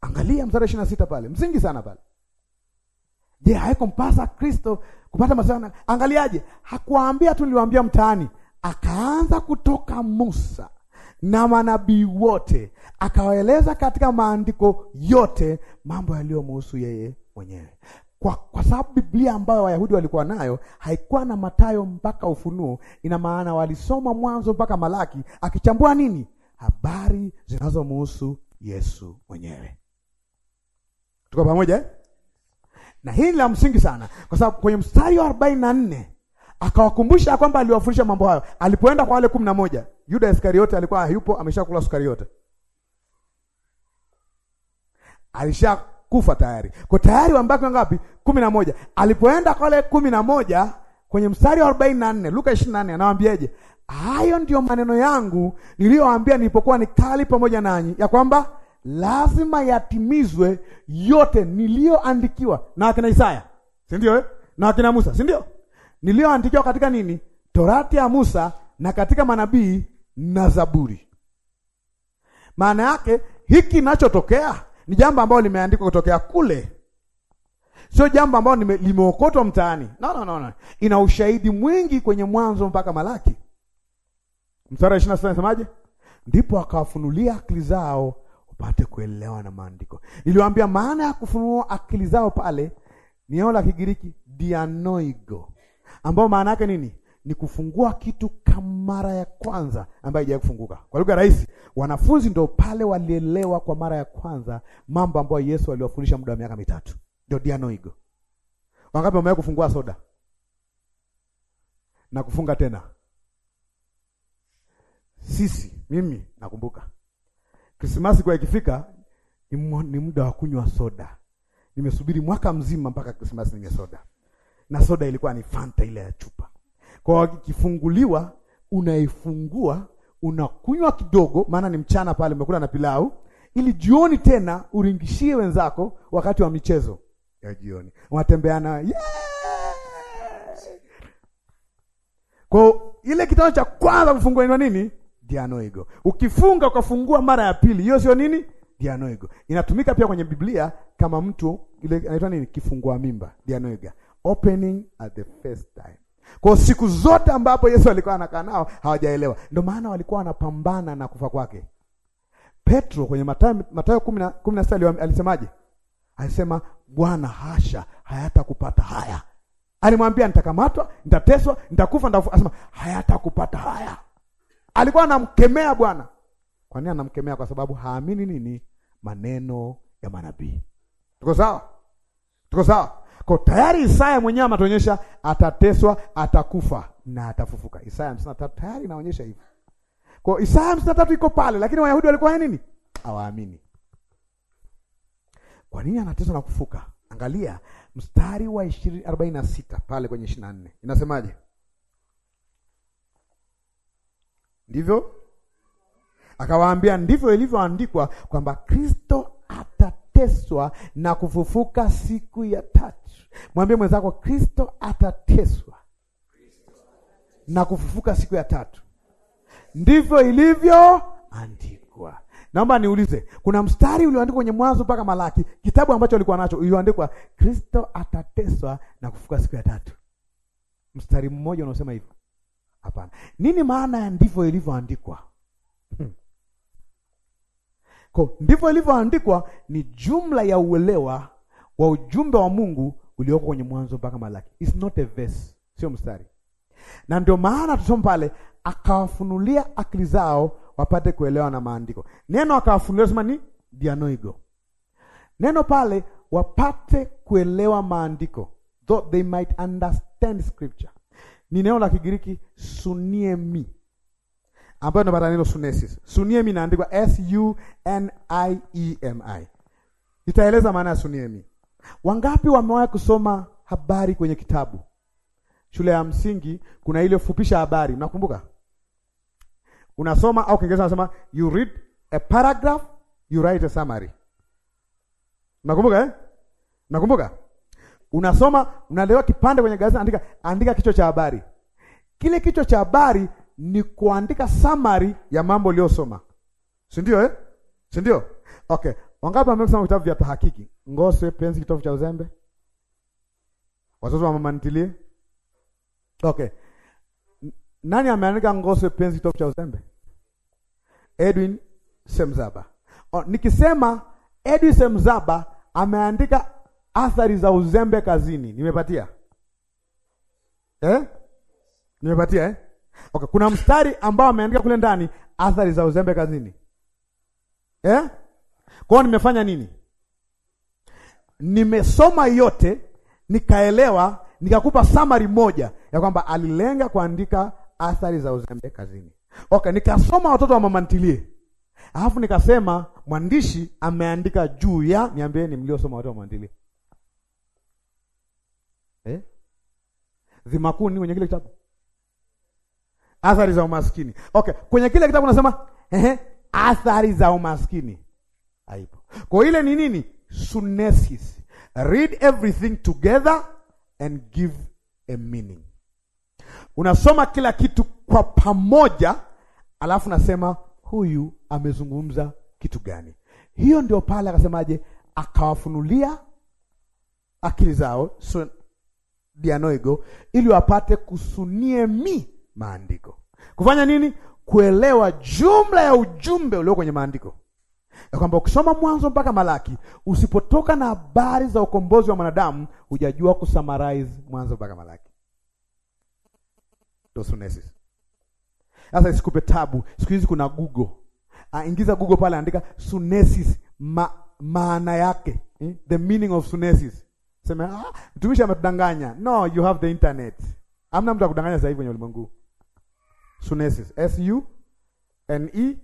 Speaker 1: Angalia mstari ishirini na sita pale, msingi sana pale. Je, haikumpasa Kristo kupata masaa? Angaliaje, hakuwaambia tu, niliwaambia mtaani, akaanza kutoka Musa na manabii wote, akawaeleza katika maandiko yote mambo yaliyomhusu yeye mwenyewe kwa, kwa sababu Biblia ambayo Wayahudi walikuwa nayo haikuwa na Mathayo mpaka Ufunuo. Ina maana walisoma Mwanzo mpaka Malaki, akichambua nini habari zinazomuhusu Yesu mwenyewe. Tuko pamoja eh? Na hili la msingi sana, kwa sababu kwenye mstari wa arobaini na nne akawakumbusha kwamba aliwafundisha mambo hayo alipoenda kwa wale kumi na moja. Yuda Iskariote alikuwa hayupo, ameshakula sukari yote, alisha kufa tayari, kwa tayari wambaki wangapi? kumi na moja. Alipoenda kale kumi na moja kwenye mstari wa arobaini na nne Luka ishirini na nne anawaambiaje? Hayo ndiyo maneno yangu niliyowaambia nilipokuwa nikali pamoja nanyi, ya kwamba lazima yatimizwe yote niliyoandikiwa na wakina Isaya, si ndio eh? na wakina Musa, si ndio? niliyoandikiwa katika nini, torati ya Musa na katika manabii na Zaburi. Maana yake hiki kinachotokea ni jambo ambalo limeandikwa kutokea kule, sio jambo ambalo limeokotwa mtaani. No, no, no, no. Ina ushahidi mwingi kwenye Mwanzo mpaka Malaki. Mstari wa 26 nasemaje? Ndipo akawafunulia akili zao upate kuelewa na maandiko. Niliwaambia maana ya kufunua akili zao pale ni neno la Kigiriki dianoigo, ambao maana yake nini? ni kufungua kitu kama mara ya kwanza ambayo haijawahi kufunguka. Kwa lugha rahisi, wanafunzi ndio pale walielewa kwa mara ya kwanza mambo ambayo Yesu aliwafundisha muda wa miaka mitatu, ndio dianoigo. Wangapi wamewahi kufungua soda na kufunga tena? Sisi, mimi nakumbuka Krismasi kwa ikifika ni muda wa kunywa soda. Nimesubiri mwaka mzima mpaka Krismasi ninywe soda, na soda ilikuwa ni Fanta ile ya chupa kwa kifunguliwa, unaifungua, unakunywa kidogo, maana ni mchana pale umekula na pilau, ili jioni tena uringishie wenzako wakati wa michezo ya jioni, unatembeana yeah! Kwa ile kitao cha kwanza kufungua inwa nini? Dianoigo. Ukifunga ukafungua mara ya pili, hiyo sio nini? Dianoigo. Inatumika pia kwenye Biblia kama mtu ile anaitwa nini? Kifungua mimba, dianoiga. Opening at the first time. Kwa siku zote ambapo Yesu alikuwa anakaa nao hawajaelewa, ndio maana walikuwa wanapambana na kufa kwake. Petro kwenye Mathayo, kumi na sita alisemaje? Alisema, Bwana, hasha, hayatakupata haya. Alimwambia, nitakamatwa, nitateswa, nitakufa, nitakufa. Asema, hayatakupata haya. Alikuwa anamkemea Bwana. Kwa nini anamkemea? Kwa sababu haamini nini? Maneno ya manabii. Tuko sawa? Tuko sawa? Kwa tayari Isaya mwenyewe anatuonyesha atateswa, atakufa na atafufuka. Isaya 53 tayari inaonyesha hivyo. Kwa Isaya 53 iko pale, lakini Wayahudi walikuwa ya nini? Hawaamini. Kwa nini anateswa na kufuka? Angalia mstari wa 46 pale kwenye 24. Inasemaje? Ndivyo akawaambia, ndivyo ilivyoandikwa kwamba Kristo atateswa na kufufuka siku ya tatu. Mwambie mwenzako Kristo atateswa na kufufuka siku ya tatu, ndivyo ilivyo andikwa Naomba niulize, kuna mstari ulioandikwa kwenye Mwanzo mpaka Malaki, kitabu ambacho alikuwa nacho, ulioandikwa Kristo atateswa na kufufuka siku ya tatu? Mstari mmoja unaosema hivyo? Hapana. Nini maana ya ndivyo ilivyoandikwa? Hmm. Ko, ndivyo ilivyoandikwa ni jumla ya uelewa wa ujumbe wa Mungu ulioko kwenye Mwanzo mpaka Malaki. It's not a verse, sio mstari. Na ndio maana tusome pale, akawafunulia akili zao wapate kuelewa na maandiko. Neno akawafunulia sema ni dianoigo. Neno pale wapate kuelewa maandiko, though they might understand scripture. Ni neno la Kigiriki suniemi ambayo inapata neno sunesis. Suniemi inaandikwa S U N I E M I. Itaeleza maana ya suniemi. Wangapi wamewahi kusoma habari kwenye kitabu? Shule ya msingi kuna ile fupisha habari, mnakumbuka Unasoma au Kiingereza unasema you read a paragraph, you write a summary. Unakumbuka eh? Unakumbuka? Unasoma, unalewa kipande kwenye gazeti, andika andika kichwa cha habari. Kile kichwa cha habari ni kuandika summary ya mambo uliyosoma. Si ndio eh? Si ndio? Okay. Wangapi wamesoma vitabu vya tahakiki? Ngose, Penzi, kitabu cha Uzembe, Watoto wa Mama Ntilie. Okay, nani ameandika Ngose, Penzi, kitabu cha Uzembe? Edwin Semzaba. O, nikisema Edwin Semzaba ameandika athari za uzembe kazini, nimepatia eh? nimepatia eh? Okay, kuna mstari ambao ameandika kule ndani athari za uzembe kazini eh? Kwa hiyo nimefanya nini? Nimesoma yote nikaelewa, nikakupa summary moja ya kwamba alilenga kuandika athari za uzembe kazini. Okay, nikasoma watoto wa mama ntilie, alafu nikasema mwandishi ameandika juu ya, niambieni mliosoma watoto wa mama ntilie eh? ni kwenye kile kitabu athari za umaskini. Okay, kwenye kile kitabu nasema ehe, athari za umaskini haipo. Kwa ile ni nini? Sunesis. Read everything together and give a meaning. Unasoma kila kitu kwa pamoja, alafu nasema huyu amezungumza kitu gani? Hiyo ndio pale akasemaje, akawafunulia akili zao so, dianoigo ili wapate kusunie mi maandiko. Kufanya nini? Kuelewa jumla ya ujumbe ulio kwenye maandiko ya kwamba ukisoma Mwanzo mpaka Malaki usipotoka na habari za ukombozi wa mwanadamu hujajua kusummarize Mwanzo mpaka Malaki. Dosunesis. Sasa isikupe tabu. Siku hizi kuna Google. Aingiza ah, Google pale, andika sunesis, ma, maana yake hmm? The meaning of sunesis. Sema ah, mtumishi ametudanganya. No, you have the internet. Amna mtu akudanganya sasa hivi kwenye ulimwengu. Sunesis, S U N E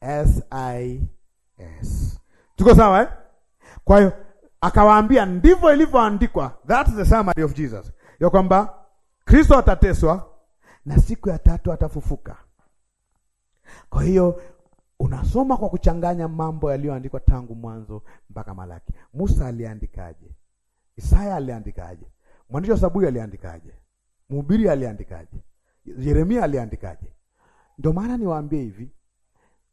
Speaker 1: S I Yes. Tuko sawa eh? Kwa hiyo akawaambia ndivyo ilivyoandikwa, that is the summary of Jesus, ya kwamba Kristo atateswa na siku ya tatu atafufuka. Kwa hiyo unasoma kwa kuchanganya mambo yaliyoandikwa tangu mwanzo mpaka Malaki. Musa aliandikaje? Isaya aliandikaje? Mwandishi wa Zaburi aliandikaje? Mhubiri aliandikaje? Yeremia aliandikaje? Ndio maana niwaambie hivi,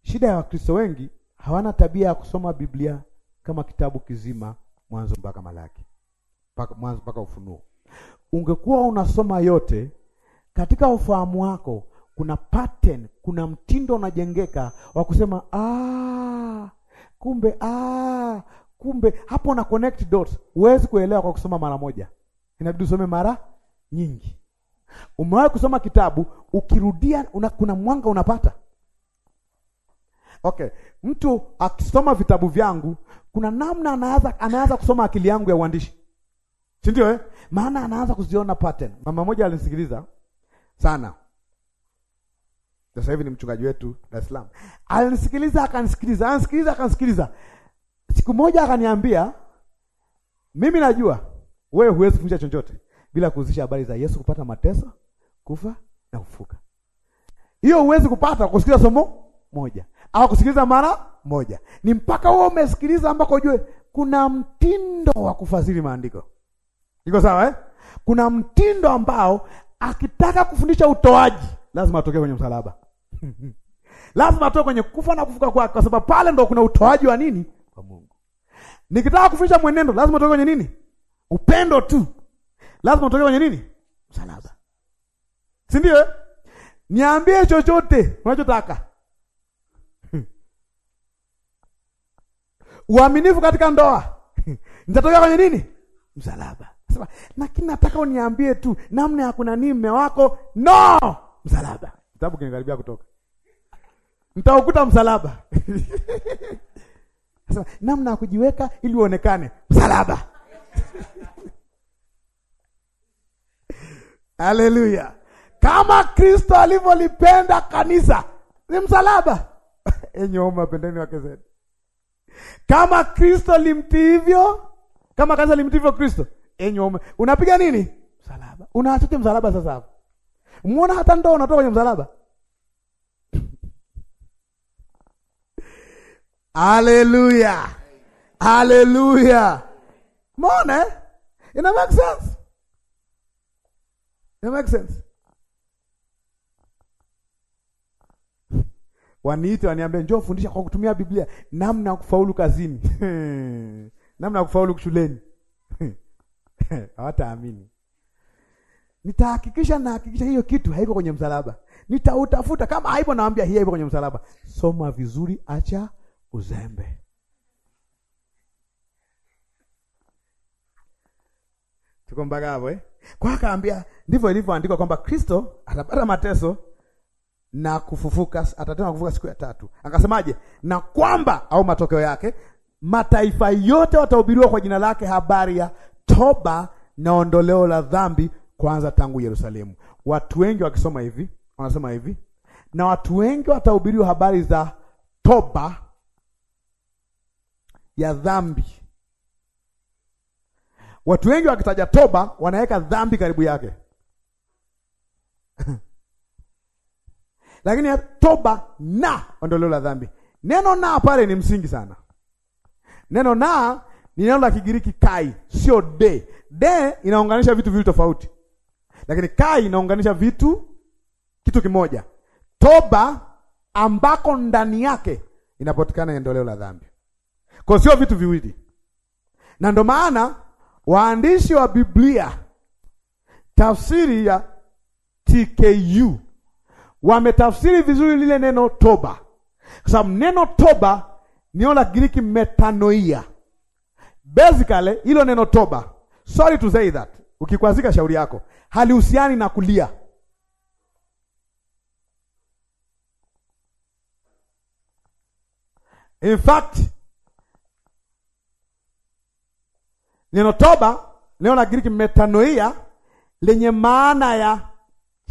Speaker 1: shida ya Wakristo wengi hawana tabia ya kusoma Biblia kama kitabu kizima, mwanzo mpaka Malaki, mpaka mwanzo mpaka Ufunuo. Ungekuwa unasoma yote, katika ufahamu wako kuna pattern, kuna mtindo unajengeka wa kusema ah, kumbe ah, kumbe hapo na connect dots. Huwezi kuelewa kwa kusoma mara moja, inabidi usome mara nyingi. Umewahi kusoma kitabu ukirudia una, kuna mwanga unapata Okay, mtu akisoma vitabu vyangu kuna namna anaanza anaanza kusoma akili yangu ya uandishi, si ndio eh? Maana anaanza kuziona pattern. Mama mmoja alinisikiliza sana, sasa hivi ni mchungaji wetu Dar es Salaam. Alinisikiliza akanisikiliza, anisikiliza akanisikiliza. Siku moja akaniambia, mimi najua wewe huwezi kufundisha chochote bila kuhusisha habari za Yesu kupata mateso, kufa na kufuka. Hiyo huwezi kupata kusikiliza somo moja hawakusikiliza mara moja. Ni mpaka wewe umesikiliza ambako ujue kuna mtindo wa kufasiri maandiko. Iko sawa eh? Kuna mtindo ambao akitaka kufundisha utoaji lazima atoke kwenye msalaba. lazima atoke kwenye kufa na kufuka kwake, kwa sababu pale ndo kuna utoaji wa nini kwa Mungu. Nikitaka kufundisha mwenendo lazima atoke kwenye nini? Upendo tu. Lazima atoke kwenye nini? Msalaba. Si ndio? Eh? Niambie chochote unachotaka. uaminifu katika ndoa nitatoka kwenye nini? Msalaba. Sema, lakini nataka uniambie tu namna ya nini mme wako. No, msalaba. Kitabu kinakaribia kutoka, mtaukuta msalaba. Sema namna ya kujiweka ili uonekane, msalaba. Haleluya! kama Kristo alivyolipenda kanisa, ni msalaba. Enyi waume, wapendeni wake zenu kama Kristo limtiivyo, kama kanisa limtivyo Kristo, enyi waume, unapiga nini? Msalaba. unaachote msalaba sasa hapo? Muona hata ndoa unatoka kwenye msalaba. Haleluya. Haleluya. mone eh? Ina make sense. Ina make sense. waniite waniambie, njoo fundisha kwa kutumia Biblia namna ya kufaulu kazini namna ya kufaulu shuleni hawataamini. Nitahakikisha nahakikisha hiyo kitu haiko kwenye msalaba, nitautafuta kama haipo, naambia hii haipo kwenye msalaba. Soma vizuri, acha uzembe. Tuko mpaka hapo eh? Kwa akaambia ndivyo ilivyoandikwa kwamba Kristo atapata mateso na kufufuka, atatema kufufuka siku ya tatu. Akasemaje? na kwamba au matokeo yake mataifa yote watahubiriwa kwa jina lake habari ya toba na ondoleo la dhambi, kwanza tangu Yerusalemu. Watu wengi wakisoma hivi wanasema hivi, na watu wengi watahubiriwa habari za toba ya dhambi. Watu wengi wakitaja toba wanaweka dhambi karibu yake lakini toba na ondoleo la dhambi. Neno na pale ni msingi sana. Neno na ni neno la Kigiriki kai, sio de. De inaunganisha vitu viwili tofauti, lakini kai inaunganisha vitu kitu kimoja. Toba ambako ndani yake inapatikana ondoleo la dhambi, kwa sio vitu viwili, na ndo maana waandishi wa Biblia tafsiri ya TKU Wametafsiri vizuri lile neno toba, kwa sababu neno toba neno la Kigiriki metanoia. Basically hilo neno toba, sorry to say that, ukikwazika shauri yako, halihusiani na kulia. In fact neno toba, neno la Kigiriki metanoia, lenye maana ya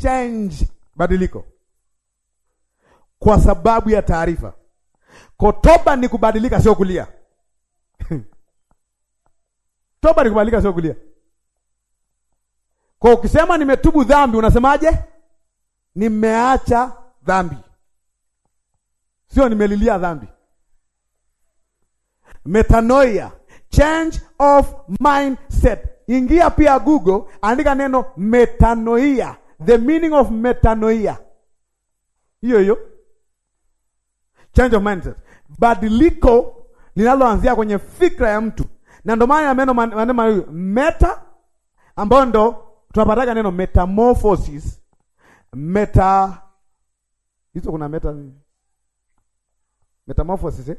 Speaker 1: change, badiliko kwa sababu ya taarifa. kotoba ni kubadilika, sio kulia. Toba ni kubadilika, sio kulia. Kwa ukisema nimetubu dhambi, unasemaje? Nimeacha dhambi, sio nimelilia dhambi. Metanoia, change of mindset. Ingia pia Google, andika neno metanoia, the meaning of metanoia, hiyo hiyo change of mindset, badiliko linaloanzia kwenye fikra ya mtu, na ndio maana neno maneno man, meta ambayo ndo tunapataka neno metamorphosis meta hizo kuna meta metamorphosis eh?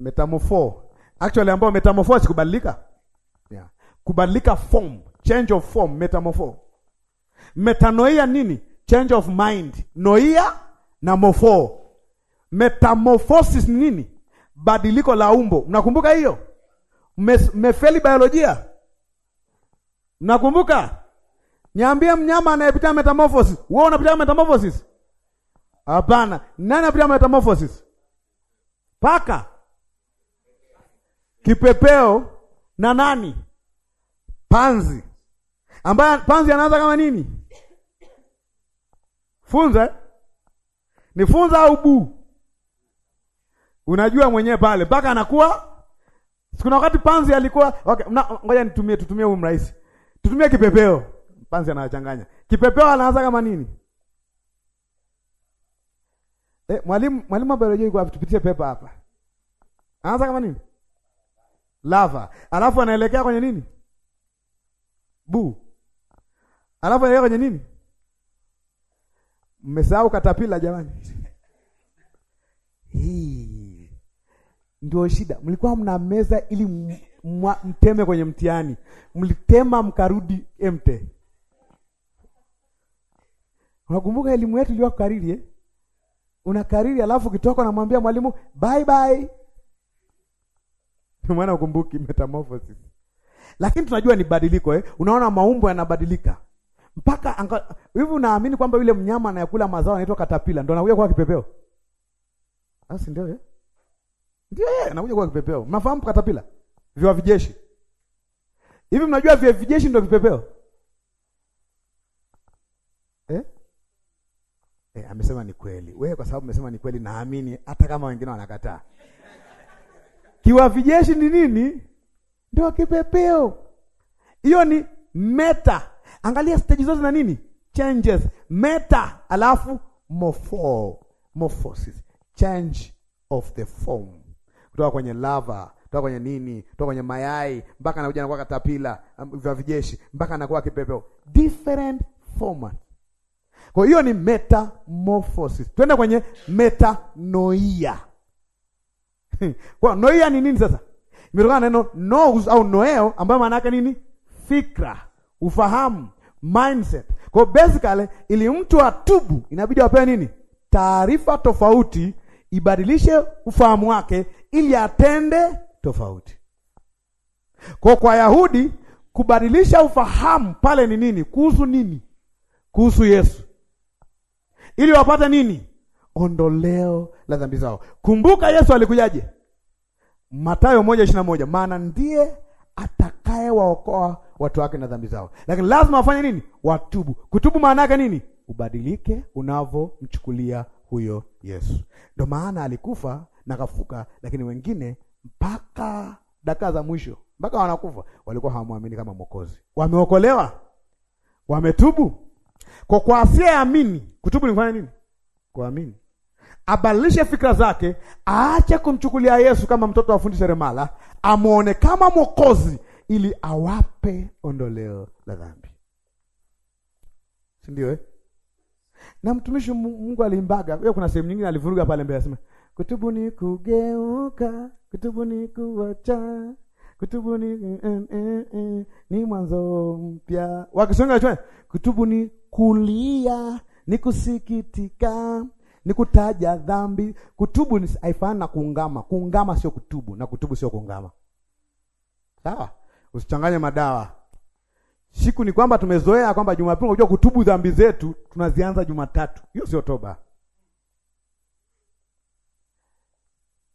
Speaker 1: metamorpho actually ambayo metamorphosis kubadilika, yeah. kubadilika form change of form metamorpho metanoia nini change of mind, noia na mofo. Metamorphosis ni nini? Badiliko la umbo. Mnakumbuka hiyo? Mmefeli biolojia? Mnakumbuka? Niambie mnyama anayepitia metamorphosis. Wewe unapitia metamorphosis? Hapana. Nani anapitia metamorphosis? Paka. Kipepeo na nani? Panzi. Ambaye panzi anaanza kama nini? funza ni funza au bu, unajua mwenyewe pale mpaka anakuwa. Kuna wakati panzi alikuwa okay, ngoja nitumie, tutumie huyu mrahisi, tutumie kipepeo. Panzi anawachanganya kipepeo, anaanza kama nini? Eh, mwalimu mwalimu wa biolojia yuko atupitie pepa hapa, anaanza kama nini? Lava, alafu anaelekea kwenye nini? Bu, alafu anaelekea kwenye nini? Mmesahau katapila jamani, hii ndio shida. Mlikuwa mna meza ili mwa, mteme kwenye mtihani, mlitema mkarudi emte. Unakumbuka elimu yetu iliyo eh? kariri eh? Unakariri alafu ukitoka unamwambia mwalimu bye bye. Maana ukumbuki metamorphosis, lakini tunajua ni badiliko eh? Unaona maumbo yanabadilika mpaka anga hivi unaamini kwamba yule mnyama anayekula mazao anaitwa katapila ndo anakuja kwa kipepeo? Basi ah, ndio yeye, eh? ndio yeye eh, anakuja kwa kipepeo. Mnafahamu katapila, viwa vijeshi hivi, mnajua viwa vijeshi ndio vipepeo eh? Eh, amesema ni kweli wewe, kwa sababu umesema ni kweli, naamini hata kama wengine wanakataa. Kiwa vijeshi ni nini? Ndio kipepeo. Hiyo ni meta Angalia stage zote na nini? Changes, meta alafu morpho, morphosis, change of the form, kutoka kwenye lava, kutoka kwenye nini, kutoka kwenye mayai mpaka anakuja anakuwa katapila vya um, vijeshi mpaka anakuwa kipepeo, different format. Kwa hiyo ni metamorphosis. Twende kwenye metanoia. Kwa noia ni nini sasa? Imetokana na neno nous au noeo ambayo maana yake nini? Fikra, ufahamu mindset. Kwa basically ili mtu atubu inabidi apewe nini? Taarifa tofauti ibadilishe ufahamu wake ili atende tofauti. Kwa kwa Yahudi kubadilisha ufahamu pale ni nini? Kuhusu nini? Kuhusu Yesu. Ili wapate nini? Ondoleo la dhambi zao. Kumbuka Yesu alikujaje? Mathayo moja ishirini na moja, maana ndiye atakayewaokoa watu wake na dhambi zao, lakini lazima wafanye nini? Watubu. Kutubu maana yake nini? Ubadilike unavyomchukulia huyo Yesu. Ndio maana alikufa na kafuka, lakini wengine mpaka dakika za mwisho, mpaka wanakufa, walikuwa hawamwamini kama Mwokozi. Wameokolewa, wametubu. Kwa kwa asiyeamini, kutubu ni kufanya nini? Kuamini. Abadilishe fikra zake, aache kumchukulia Yesu kama mtoto wa fundi seremala, amwone kama Mwokozi ili awape ondoleo la dhambi, si ndio eh? Na mtumishi Mungu alimbaga hiyo. Kuna sehemu nyingine alivuruga pale mbele, asema kutubu ni kugeuka, kutubu ni kuwacha, kutubu ni eh, eh, eh, ni mwanzo mpya. Wakisonga chwe, kutubu ni kulia, ni kusikitika, ni kutaja dhambi. Kutubu haifanani na kuungama. Kuungama sio kutubu, na kutubu sio kuungama, sawa? Usichanganye madawa. Siku ni kwamba tumezoea kwamba Jumapili unajua kutubu dhambi zetu tunazianza Jumatatu. Hiyo sio toba.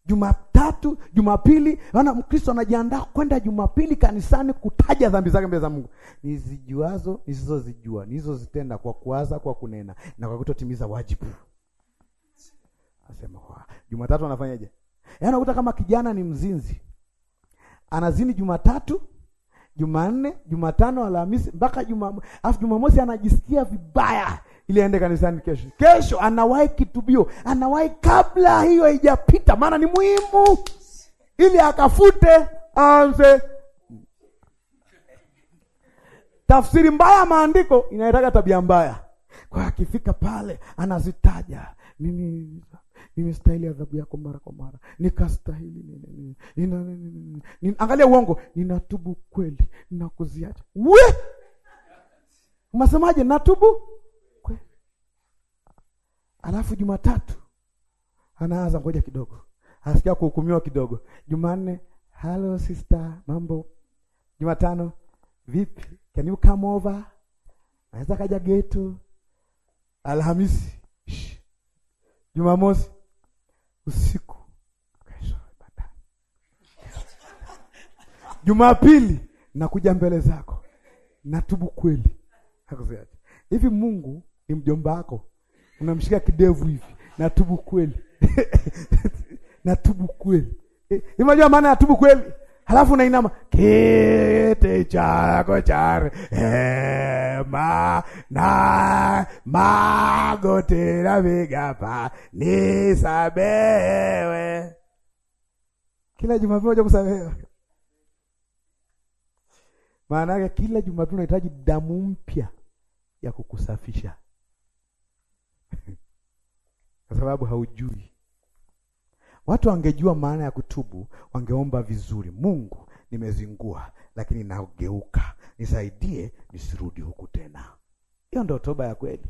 Speaker 1: Jumatatu, Jumapili, wana Mkristo anajiandaa kwenda Jumapili kanisani kutaja dhambi zake mbele za Mungu. Nizijuazo, nisizozijua, nizo zitenda kwa kuwaza, kwa kunena na kwa kutotimiza wajibu. Asema kwa Jumatatu anafanyaje? Yaani unakuta kama kijana ni mzinzi. Anazini Jumatatu, Jumanne, Jumatano, Alhamisi mpaka Jumamosi. Alafu Jumamosi anajisikia vibaya ili aende kanisani kesho. Kesho anawahi kitubio, anawahi kabla hiyo haijapita, maana ni muhimu ili akafute anze Tafsiri mbaya maandiko inaitaka tabia mbaya. Kwa akifika pale anazitaja mimi nimestahili adhabu yako mara kwa mara, nikastahili nini nina, nini angalia uongo, ninatubu kweli, ninakuziacha we Unasemaje? natubu kweli. Alafu Jumatatu anaanza ngoja kidogo, asikia kuhukumiwa kidogo. Jumanne, hello sister, mambo. Jumatano, vipi, can you come over? Naweza kaja geto. Alhamisi, Jumamosi, usiku akaisha Jumapili nakuja mbele zako, natubu kweli, hakuziacha hivi. Mungu ni mjomba wako, unamshika kidevu hivi, natubu kweli natubu kweli. E, eh, imajua maana natubu kweli Halafu unainama kiti chako cha rehema na magoti na vigapa sabewe Kila Jumapili moja kusamehewa, maana yake kila Jumapili unahitaji damu mpya ya kukusafisha kwa sababu haujui Watu wangejua maana ya kutubu, wangeomba vizuri, Mungu nimezingua, lakini nageuka, nisaidie nisirudi huku tena. Hiyo ndio toba ya kweli.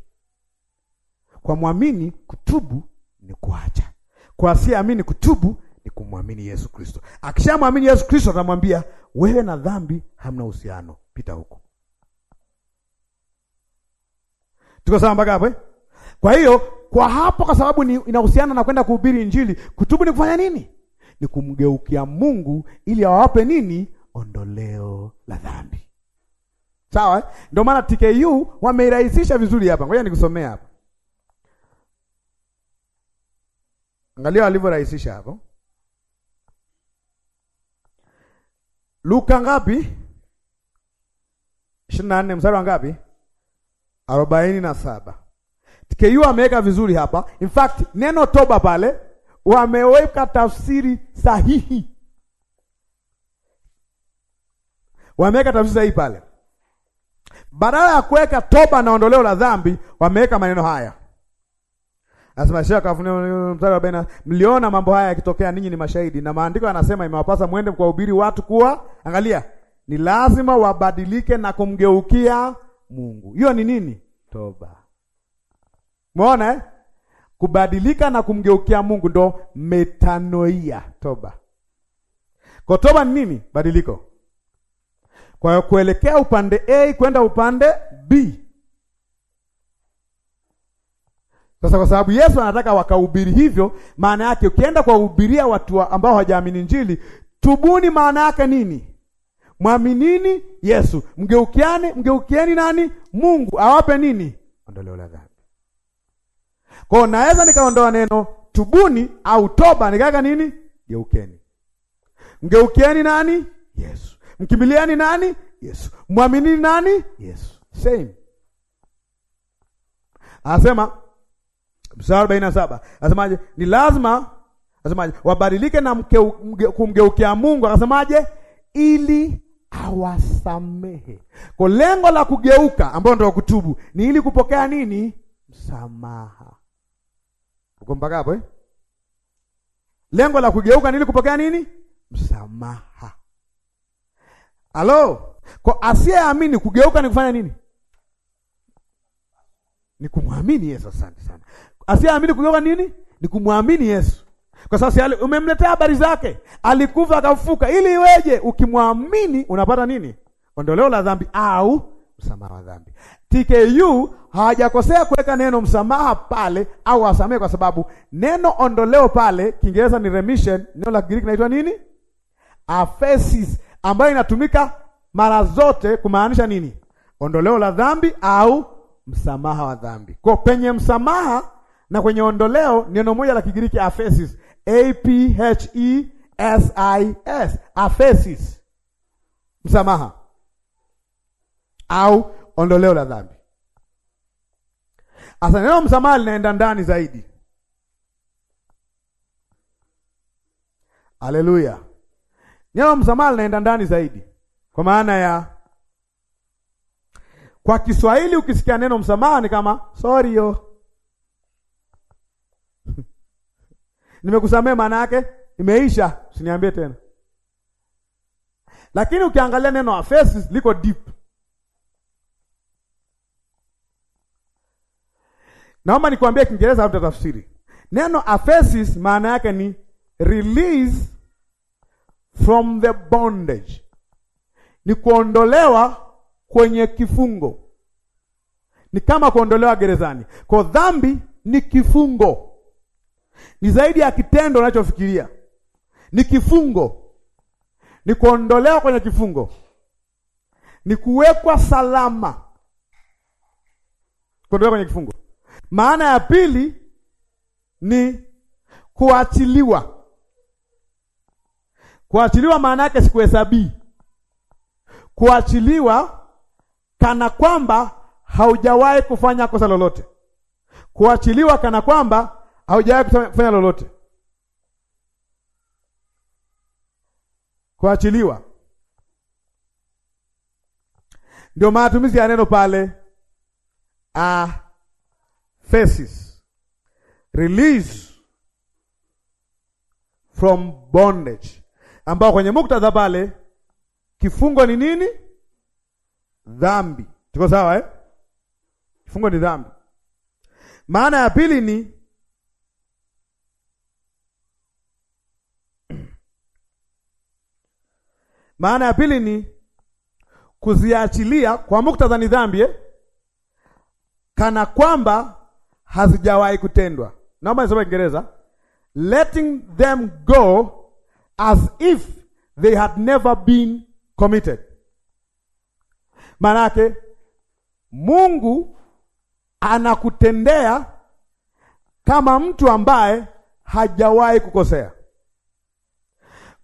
Speaker 1: Kwa mwamini kutubu ni kuacha, kwa asiyeamini kutubu ni kumwamini Yesu Kristo. Akishamwamini Yesu Kristo atamwambia wewe na dhambi hamna uhusiano, pita huku. Tuko sawa mpaka hapo? Eh? Kwa hiyo kwa hapo, kwa sababu ni inahusiana na kwenda kuhubiri Injili. Kutubu ni kufanya nini? Ni kumgeukia Mungu ili awape nini? Ondoleo la dhambi. Sawa, ndio maana TKU wameirahisisha vizuri hapa. Ngoja nikusomea hapa, angalia alivyorahisisha hapo. Luka ngapi? ishirini na nne mstari wa ngapi? arobaini na saba. KU ameweka vizuri hapa. In fact, neno toba pale wameweka tafsiri sahihi, wameweka tafsiri sahihi pale, badala ya kuweka toba na ondoleo la dhambi, wameweka maneno haya mliona mambo haya yakitokea, ninyi ni mashahidi. Na maandiko yanasema imewapasa mwende kuwahubiri watu kuwa, angalia, ni lazima wabadilike na kumgeukia Mungu. Hiyo ni nini? Toba. Umeona eh? Kubadilika na kumgeukia Mungu ndo metanoia toba. Kwa toba ni nini? Badiliko. Kwa hiyo kuelekea upande A kwenda upande B. Sasa kwa sababu Yesu anataka wakahubiri hivyo, maana yake ukienda kuwahubiria watu wa ambao hawajaamini njili tubuni, maana yake nini? Mwaminini Yesu, mgeukiane, mgeukieni nani? Mungu awape nini? Ondoleo la dhambi. Kwa hiyo naweza nikaondoa neno tubuni au toba, nikaweka nini? Geukeni. Mgeukieni nani? Yesu. Mkimbiliani nani? Yesu. Mwaminini nani? Yesu. Same. Anasema mstari arobaini na saba anasemaje? Ni lazima anasemaje? Wabadilike na kumgeukia Mungu, akasemaje? Ili awasamehe. Kwa lengo la kugeuka, ambao ndio kutubu, ni ili kupokea nini? Msamaha. Uko mpaka hapo eh? Lengo la kugeuka nili kupokea nini? Msamaha. Halo? Kwa asiyeamini kugeuka ni kufanya nini? Ni kumwamini Yesu. Asante sana. Asiyeamini kugeuka nini? Ni kumwamini Yesu. Kwa sababu umemletea habari zake, alikufa akafuka, ili iweje? Ukimwamini unapata nini? Ondoleo la dhambi au msamaha wa dhambi. TKU hawajakosea kuweka neno msamaha pale au wasamehe, kwa sababu neno ondoleo pale Kiingereza ni remission, neno la Kigiriki naitwa nini? Aphesis, ambayo inatumika mara zote kumaanisha nini? Ondoleo la dhambi au msamaha wa dhambi. Kwa penye msamaha na kwenye ondoleo, neno moja la Kigiriki aphesis, a p h e s i s, aphesis, msamaha au ondoleo la dhambi. Asa neno msamaha linaenda ndani zaidi. Haleluya! Neno msamaha linaenda ndani zaidi, kwa maana ya kwa Kiswahili ukisikia neno msamaha ni kama sorry yo nimekusamea, maana yake imeisha, usiniambie tena. Lakini ukiangalia neno afesi liko deep Naomba nikwambie Kiingereza au tafsiri. Neno aphesis maana yake ni release from the bondage. Ni kuondolewa kwenye kifungo. Ni kama kuondolewa gerezani. Kwa dhambi ni kifungo. Ni zaidi ya kitendo unachofikiria. Ni kifungo. Ni kuondolewa kwenye kifungo. Ni kuwekwa salama. Kuondolewa kwenye kifungo. Maana ya pili ni kuachiliwa. Kuachiliwa maana yake sikuhesabii, kuachiliwa kana kwamba haujawahi kufanya kosa lolote, kuachiliwa kana kwamba haujawahi kufanya lolote, kuachiliwa ndio matumizi ya neno pale ah faces, release from bondage, ambao kwenye muktadha pale kifungo ni nini? Dhambi. Tuko sawa eh? Kifungo ni dhambi. Maana ya pili ni maana ya pili ni kuziachilia kwa muktadha ni dhambi eh? Kana kwamba hazijawahi kutendwa. Naomba nisome Kiingereza, letting them go as if they had never been committed. Manake Mungu anakutendea kama mtu ambaye hajawahi kukosea.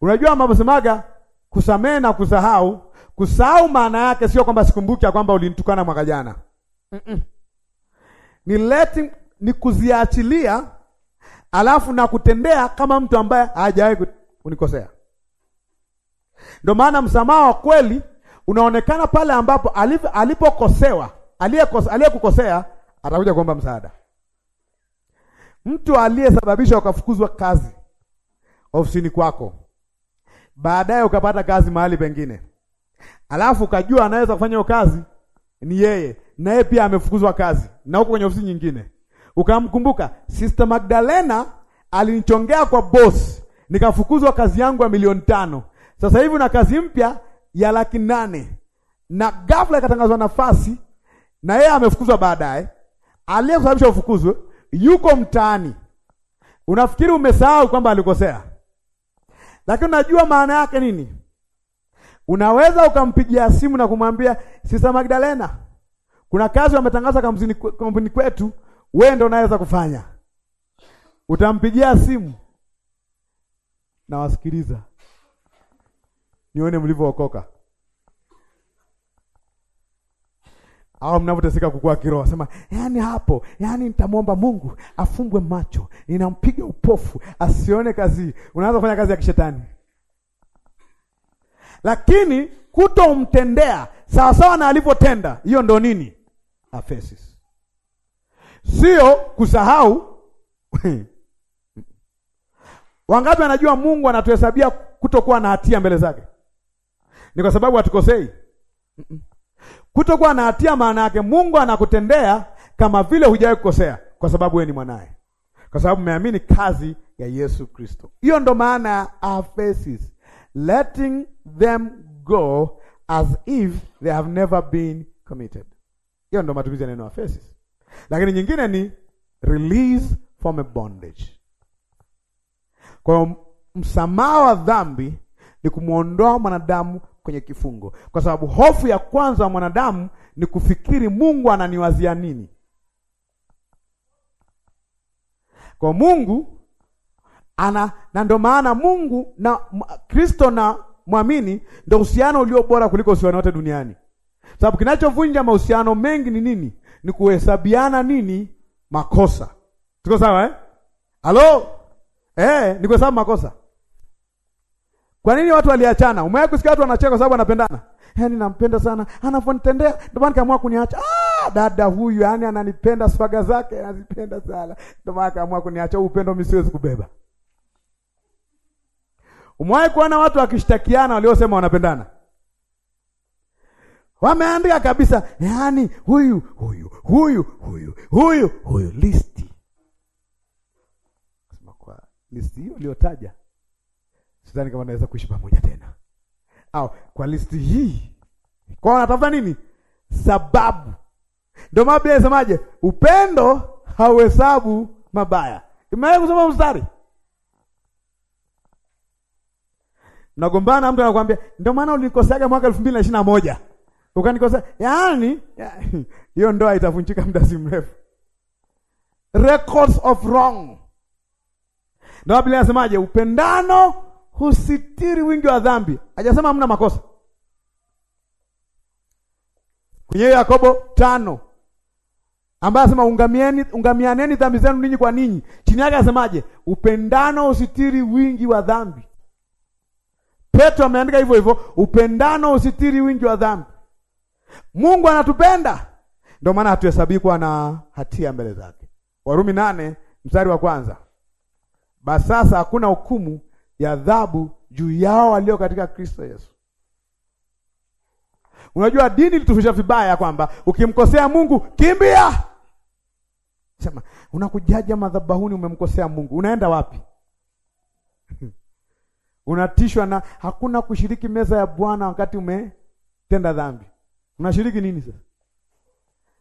Speaker 1: Unajua mabosemaga kusamehe na kusahau. Kusahau maana yake sio kwamba sikumbuki ya kwamba ulinitukana mwaka jana. Mm -mm ni letting, ni kuziachilia alafu na kutendea kama mtu ambaye hajawahi kunikosea. Ndio maana msamaha wa kweli unaonekana pale ambapo alipokosewa, aliyekukosea atakuja kuomba msaada. Mtu aliyesababisha ukafukuzwa kazi ofisini kwako, baadaye ukapata kazi mahali pengine, alafu ukajua anaweza kufanya hiyo kazi ni yeye, naye pia amefukuzwa kazi na huko kwenye ofisi nyingine. Ukamkumbuka Sister Magdalena alinichongea kwa boss, nikafukuzwa kazi yangu ya milioni tano. Sasa hivi na kazi mpya ya laki nane na ghafla ikatangazwa nafasi, na yeye amefukuzwa baadaye. Aliyesababisha ufukuzwe yuko mtaani. Unafikiri umesahau kwamba alikosea, lakini unajua maana yake nini? Unaweza ukampigia simu na kumwambia Sister Magdalena kuna kazi wametangaza kampuni kwetu, wewe ndio unaweza kufanya. Utampigia simu na wasikiliza, nione mlivyookoka au mnavyoteseka kukua kiroho. Asema yaani, hapo yaani, nitamwomba Mungu afumbwe macho, ninampiga upofu asione kazi. Unaanza kufanya kazi ya kishetani lakini kutomtendea sawasawa na alivyotenda, hiyo ndo nini? Afesis, sio kusahau. Wangapi anajua Mungu anatuhesabia kutokuwa na hatia mbele zake? Ni kwa sababu hatukosei. Kutokuwa na hatia maana yake Mungu anakutendea kama vile hujawahi kukosea, kwa sababu wewe ni mwanaye, kwa sababu umeamini kazi ya Yesu Kristo. Hiyo ndo maana ya aphesis, letting them go as if they have never been committed. Hiyo ndo matumizi ya neno Aphesis, lakini nyingine ni release from a bondage. Kwa msamaha wa dhambi ni kumwondoa mwanadamu kwenye kifungo, kwa sababu hofu ya kwanza ya mwanadamu ni kufikiri Mungu ananiwazia nini. Kwa Mungu ana na ndio maana Mungu na Kristo na mwamini, ndio uhusiano ulio bora kuliko uhusiano wote duniani. Sababu kinachovunja mahusiano mengi ni nini? Ni kuhesabiana nini? Makosa. Tuko sawa eh? Halo? Eh, ni kwa sababu makosa. Kwa nini watu waliachana? Umewahi kusikia watu wanacheka kwa sababu wanapendana? Yaani eh, nampenda sana, anavyonitendea ndio maana kaamua kuniacha. Ah, dada huyu yani ananipenda swaga zake, anazipenda sana. Ndio maana kaamua kuniacha, upendo mimi siwezi kubeba. Umewahi kuona watu wakishtakiana waliosema wanapendana? Wameandika kabisa, yaani huyu huyu huyu huyu huyu huyu, listi sema kwa listi hiyo uliotaja, sidhani kama naweza kuishi pamoja tena, au kwa listi hii. Kwa wanatafuta nini? Sababu. Ndio maana Biblia inasemaje? Upendo hauhesabu mabaya. Imewahi kusoma mstari Unagombana mtu anakuambia ndio maana ulikosaga mwaka 2021. Ukanikosa. Yaani hiyo ndoa itavunjika muda si mrefu. Records of wrong. Ndio Biblia inasemaje? Upendano husitiri wingi wa dhambi. Hajasema hamna makosa. Kwenye Yakobo tano ambaye asema ungamieni, ungamianeni dhambi zenu ninyi kwa ninyi. Chini yake anasemaje? Upendano usitiri wingi wa dhambi. Petro ameandika hivyo hivyo, upendano usitiri wingi wa dhambi. Mungu anatupenda, ndio maana hatuhesabii kuwa na hatia mbele zake. Warumi nane mstari wa kwanza, basi sasa hakuna hukumu ya adhabu juu yao walio katika Kristo Yesu. Unajua dini litufisha vibaya kwamba ukimkosea Mungu kimbia, sema unakujaja madhabahuni, umemkosea Mungu, unaenda wapi? Unatishwa na hakuna kushiriki meza ya Bwana wakati umetenda dhambi. Unashiriki nini sasa?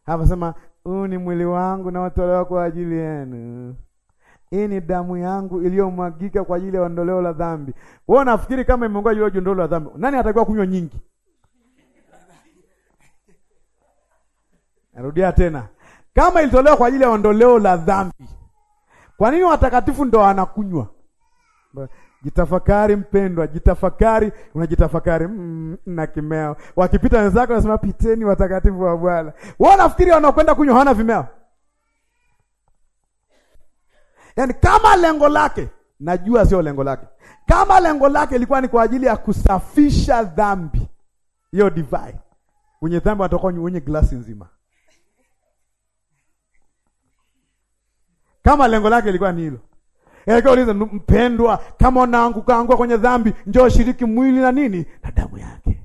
Speaker 1: Hapa sema huu ni mwili wangu naotolewa kwa ajili yenu, hii ni damu yangu iliyomwagika kwa ajili ya ondoleo la dhambi. Wewe unafikiri kama imeongoa juu ya ondoleo la dhambi, nani atakiwa kunywa nyingi? Narudia tena, kama ilitolewa kwa ajili ya ondoleo la dhambi, kwa nini watakatifu ndo wanakunywa? Jitafakari mpendwa, jitafakari. Unajitafakari mm, na kimeo, wakipita wenzako nasema piteni watakatifu wa Bwana. Wao nafikiri wanakwenda kunywa, hana vimeo. Yaani kama lengo lake, najua sio lengo lake, kama lengo lake ilikuwa ni kwa ajili ya kusafisha dhambi, hiyo divai, wenye dhambi watakuwa wenye glasi nzima. Kama lengo lake ilikuwa ni hilo Yalikuwa mpendwa, kama unaanguka anguka kwenye dhambi, njoo shiriki mwili na nini na damu yake.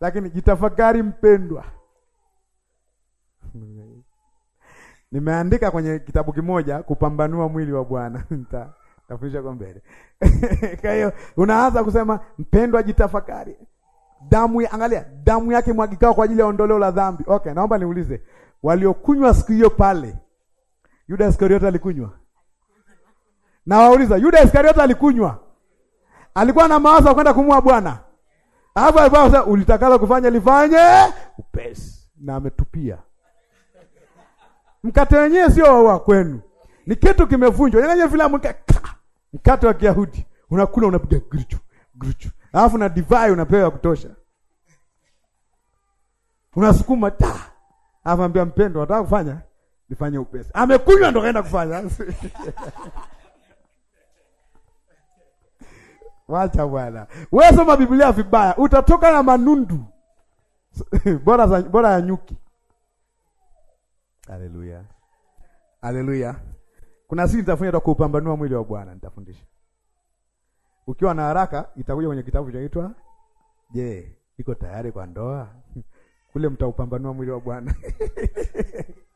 Speaker 1: Lakini jitafakari mpendwa. Nimeandika kwenye kitabu kimoja kupambanua mwili wa Bwana. Nitafundisha kwa mbele. Kwa hiyo unaanza kusema mpendwa, jitafakari. Damu ya, angalia damu yake mwagikao kwa ajili ya ondoleo la dhambi. Okay, naomba niulize waliokunywa siku hiyo pale Yuda Iskariote alikunywa? Na wauliza, Yuda Iskariote alikunywa? Alikuwa na mawazo ya kwenda kumua Bwana. Hapo alikuwa ulitakalo kufanya lifanye upesi na ametupia. Mkate wenyewe sio wa kwenu. Ni kitu kimevunjwa. Yenyewe filamu mkate wa Kiyahudi unakula unapiga gricho gricho, Alafu na divai unapewa ya kutosha. Unasukuma ta. Alafu ambia mpendo, unataka kufanya? nifanye upesi. Amekunywa ndo kaenda kufanya wacha bwana, wewe soma Biblia vibaya, utatoka na manundu bora za, bora ya nyuki. Haleluya, haleluya. Kuna siri nitafanya kwa kupambanua mwili wa Bwana, nitafundisha ukiwa na haraka itakuja kwenye kitabu chaitwa Je, yeah, iko tayari kwa ndoa? Kule mtaupambanua mwili wa Bwana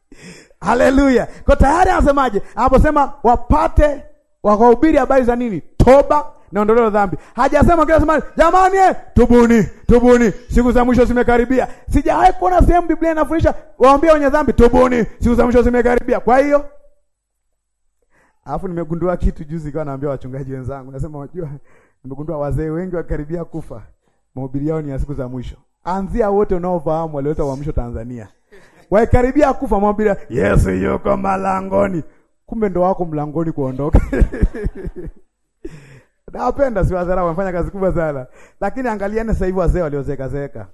Speaker 1: Haleluya! Kwa tayari anasemaje? Anaposema wapate wakahubiri habari za nini? Toba na ondoleo la dhambi. Hajasema kile sema jamani, eh, tubuni, tubuni, siku za mwisho zimekaribia. Sijawahi kuona sehemu Biblia inafundisha waambie wenye dhambi tubuni, siku za mwisho zimekaribia. Kwa hiyo Alafu nimegundua kitu juzi, kwa naambia wachungaji wenzangu, nasema unajua, nimegundua wazee wengi wakaribia kufa, mahubiri yao ni ya siku za mwisho. Anzia wote unaofahamu walioleta uamsho Tanzania waikaribia kufa, mwambia Yesu yuko malangoni, kumbe ndo wako mlangoni kuondoka. Nawapenda, siwadharau, wamefanya kazi kubwa sana, lakini angaliane sasa hivi wazee waliozeekazeeka.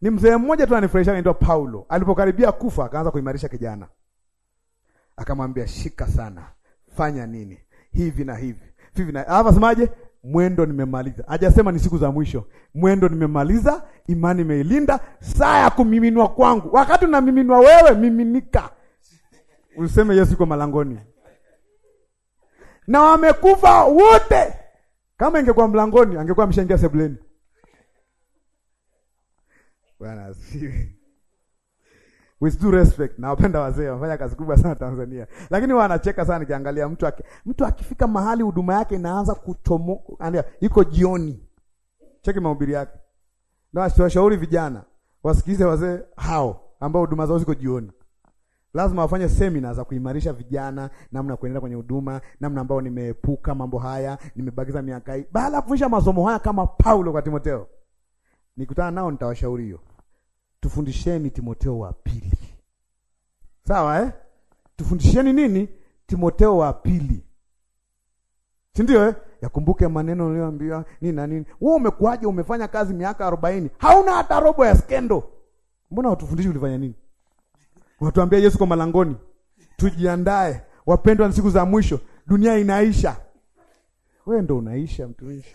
Speaker 1: Ni mzee mmoja tu anifurahisha anaitwa Paulo. Alipokaribia kufa, akaanza kuimarisha kijana, akamwambia shika sana, fanya nini hivi na hivi hivi na hapa, semaje? mwendo nimemaliza. Hajasema ni siku za mwisho. Mwendo nimemaliza, imani imeilinda, saa ya kumiminwa kwangu. Wakati unamiminwa wewe, miminika, useme Yesu kwa malangoni. Na wamekufa wote. Kama ingekuwa mlangoni, angekuwa ameshaingia sebuleni. Bwana asifiwe. With due respect, nawapenda wazee, wamefanya kazi kubwa sana Tanzania, lakini wanacheka sana nikiangalia mtu aki, mtu akifika mahali huduma yake inaanza kuchomoka, iko jioni. Cheki mahubiri yake. Na washauri vijana wasikize wazee hao ambao huduma zao ziko jioni. Lazima wafanye semina za kuimarisha vijana namna kuendelea kwenye huduma, namna ambao nimeepuka mambo haya, nimebakiza miaka hii. Baada ya kufundisha masomo haya kama Paulo kwa Timotheo, nikutana nao nitawashauri hiyo tufundisheni Timotheo wa pili. Sawa eh? Tufundisheni nini? Timotheo wa pili, si ndio eh? Yakumbuke maneno niliyoambiwa nini na nini. Wewe umekuaje? Umefanya kazi miaka arobaini, hauna hata robo ya skendo. Mbona watufundishi ulifanya nini? Watuambia Yesu kwa malangoni, tujiandae wapendwa, na siku za mwisho dunia inaisha. Wewe ndo unaisha mtumishi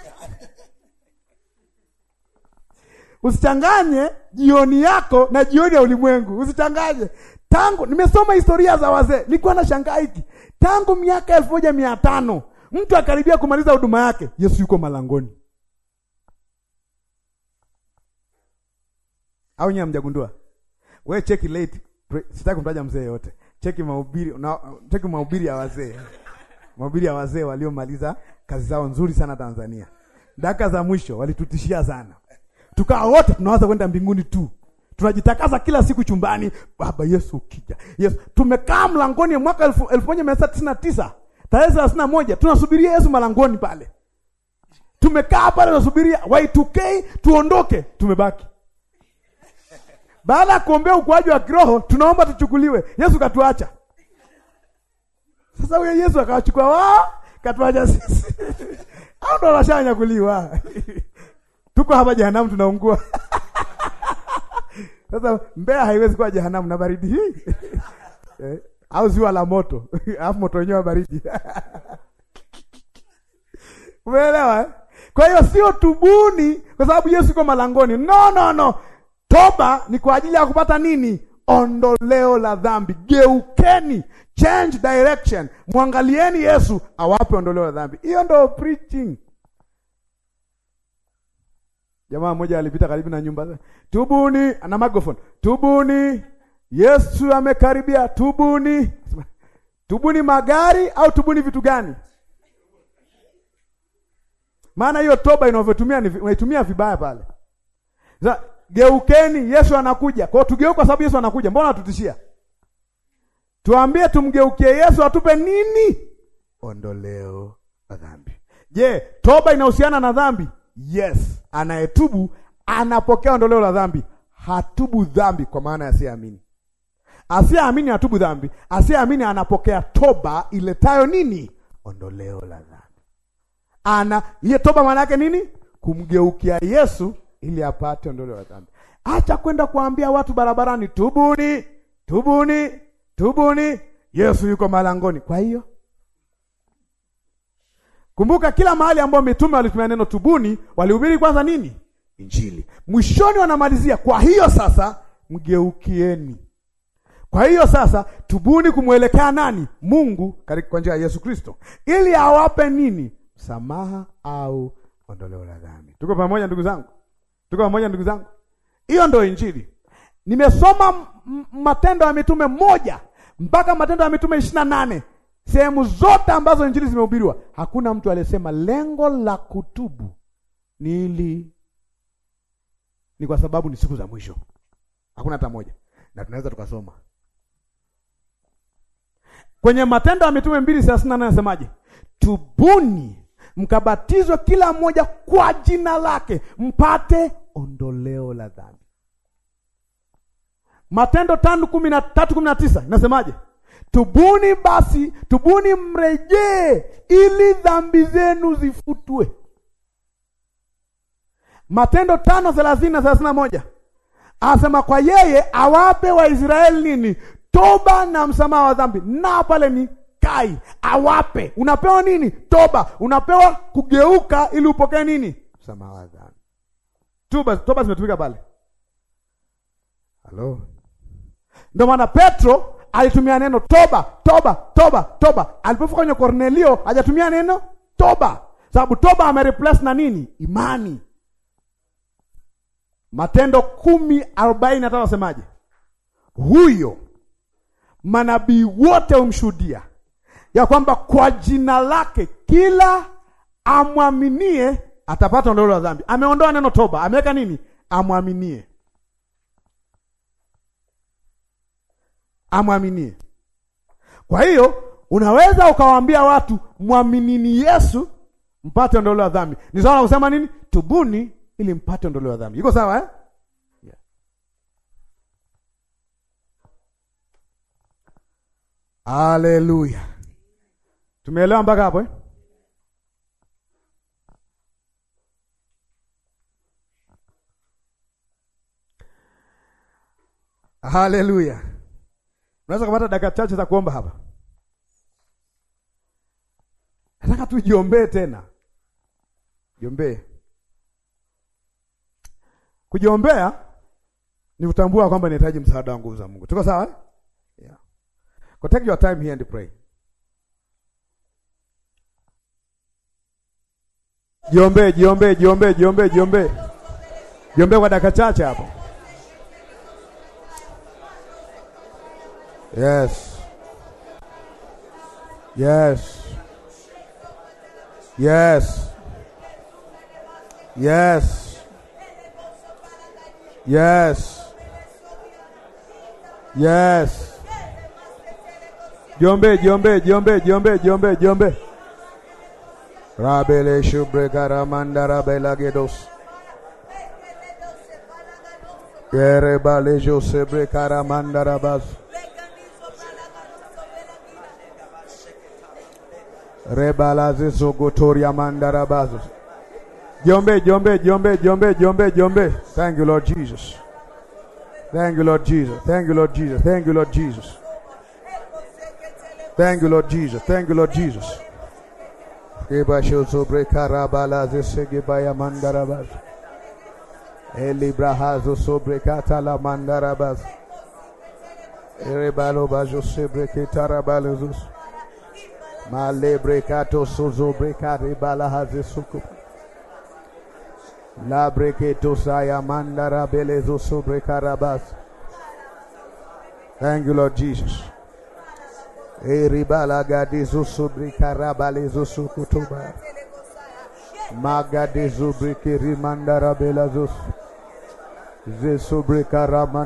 Speaker 1: Usichanganye jioni yako na jioni ya ulimwengu, usichanganye. Tangu nimesoma historia za wazee, nilikuwa na shangaa hiki, tangu miaka elfu moja mia tano mtu akaribia kumaliza huduma yake, Yesu yuko malangoni. Au nyewe hamjagundua? Wewe cheki late, sitaki kumtaja mzee yote. Cheki mahubiri na cheki mahubiri ya wazee. Mahubiri ya wazee waliomaliza kazi zao nzuri sana Tanzania. Dakika za mwisho walitutishia sana tukawa wote tunawaza kwenda mbinguni tu. Tunajitakasa kila siku chumbani, Baba Yesu ukija. Yesu, tumekaa mlangoni mwaka 1999 tarehe 31 tunasubiria Yesu malangoni pale. Tumekaa pale tunasubiria Y2K tuondoke, tumebaki. Baada ya kuombea ukuaji wa kiroho, tunaomba tuchukuliwe. Yesu katuacha. Sasa huyo Yesu akawachukua wao, katuacha sisi. Au ndo anashanyakuliwa. tuko hapa jehanamu tunaungua. Sasa Mbeya haiwezi kuwa jehanamu na baridi hii eh, au ziwa la moto alafu moto wenyewe baridi umeelewa? Eh? Kwa hiyo sio tubuni kwa sababu Yesu yuko malangoni. No, no, no, toba ni kwa ajili ya kupata nini? Ondoleo la dhambi. Geukeni, change direction, mwangalieni Yesu awape ondoleo la dhambi. Hiyo ndo preaching. Jamaa mmoja alipita karibu na nyumba, tubuni, ana microphone, tubuni, Yesu amekaribia, tubuni. Tubuni magari au tubuni vitu gani? Maana hiyo toba inavyotumia ni unaitumia vibaya pale. Sasa geukeni, Yesu anakuja. Kwa hiyo tugeuke, kwa sababu Yesu anakuja. Mbona tutishia? Tuambie tumgeukie Yesu atupe nini? Ondoleo la dhambi. Je, toba inahusiana na dhambi? Yes, anayetubu anapokea ondoleo la dhambi, hatubu dhambi kwa maana ya asiyeamini. Asiyeamini hatubu dhambi, asiyeamini anapokea toba iletayo nini? Ondoleo la dhambi. Ana ile toba maana yake nini? Kumgeukia Yesu ili apate ondoleo la dhambi. Acha kwenda kuambia watu barabarani, tubuni, tubuni, tubuni, Yesu yuko malangoni. Kwa hiyo Kumbuka kila mahali ambao mitume walitumia neno tubuni, walihubiri kwanza nini? Injili. Mwishoni wanamalizia kwa hiyo sasa mgeukieni. Kwa hiyo sasa tubuni kumwelekea nani? Mungu kwa njia ya Yesu Kristo, ili awape nini? Msamaha au ondoleo la dhambi. Tuko pamoja ndugu zangu? Tuko pamoja ndugu zangu? Hiyo ndio Injili. Nimesoma Matendo ya Mitume moja mpaka Matendo ya Mitume ishirini na nane Sehemu zote ambazo injili zimehubiriwa, hakuna mtu aliyesema lengo la kutubu ni ili ni kwa sababu ni siku za mwisho. Hakuna hata moja, na tunaweza tukasoma kwenye Matendo ya Mitume mbili thelathini na nane nasemaje? Tubuni mkabatizwe kila mmoja kwa jina lake mpate ondoleo la dhambi. Matendo tano kumi na tatu kumi na tisa inasemaje? Tubuni basi, tubuni mrejee, ili dhambi zenu zifutwe. Matendo tano thelathini na thelathini na moja anasema kwa yeye awape Waisraeli nini? Toba na msamaha wa dhambi. Na pale ni kai awape, unapewa nini? Toba, unapewa kugeuka ili upokee nini? Msamaha wa dhambi. Toba, toba zimetumika pale. Halo, ndio maana Petro alitumia neno toba, toba, toba, toba. Alipofika kwenye Kornelio hajatumia neno toba, sababu toba amereplace na nini? Imani. Matendo kumi arobaini na tano asemaje? Huyo manabii wote humshuhudia ya kwamba kwa jina lake kila amwaminie atapata ondoleo la dhambi. Ameondoa neno toba, ameweka nini? Amwaminie. amwaminie. Kwa hiyo unaweza ukawaambia watu mwaminini Yesu mpate ondoleo la dhambi. Ni sawa na kusema nini? Tubuni ili mpate ondoleo la dhambi. Iko sawa eh? Haleluya. Tumeelewa mpaka hapo eh? Haleluya. Unaweza kupata dakika chache za kuomba hapa. Nataka tujiombee tena. Jiombee. Kujiombea ni kutambua kwamba nahitaji msaada wa nguvu za Mungu. Tuko sawa? Yeah. Go take your time here and pray. Jiombee, jiombee, jiombee, jiombee, jiombee. Jiombee kwa dakika chache hapo. Yes. Yes. Yes. Yes. Yes. Yes. Jombe, jombe, jombe, jombe, jombe, jombe. Rabele shubrekara mandara belagedos. Yerebale josebrekara mandara Rabas. rebalazi zogotoria mandarabazo. Jombe, jombe, jombe, jombe, jombe, jombe. Thank you, Lord Jesus. Thank you, Lord Jesus. Thank you, Lord Jesus. Thank you, Lord Jesus. Thank you, Lord Jesus. Thank you, Lord Jesus. Gebashosobrekarabalazi segibaya mandarabazo. Elibrahazo sobrekatala mandarabazo. Erebalo bajo sebreketarabalezos. Malebrekato sozo brekare balahaze suku. Labreketo saya mandara belezo sobrekarabas. Thank you, Lord Jesus. Eribala gadezo sobrekarabalezo sukutuba. Magadezo brekeri mandara belazo. Zesobrekaraman.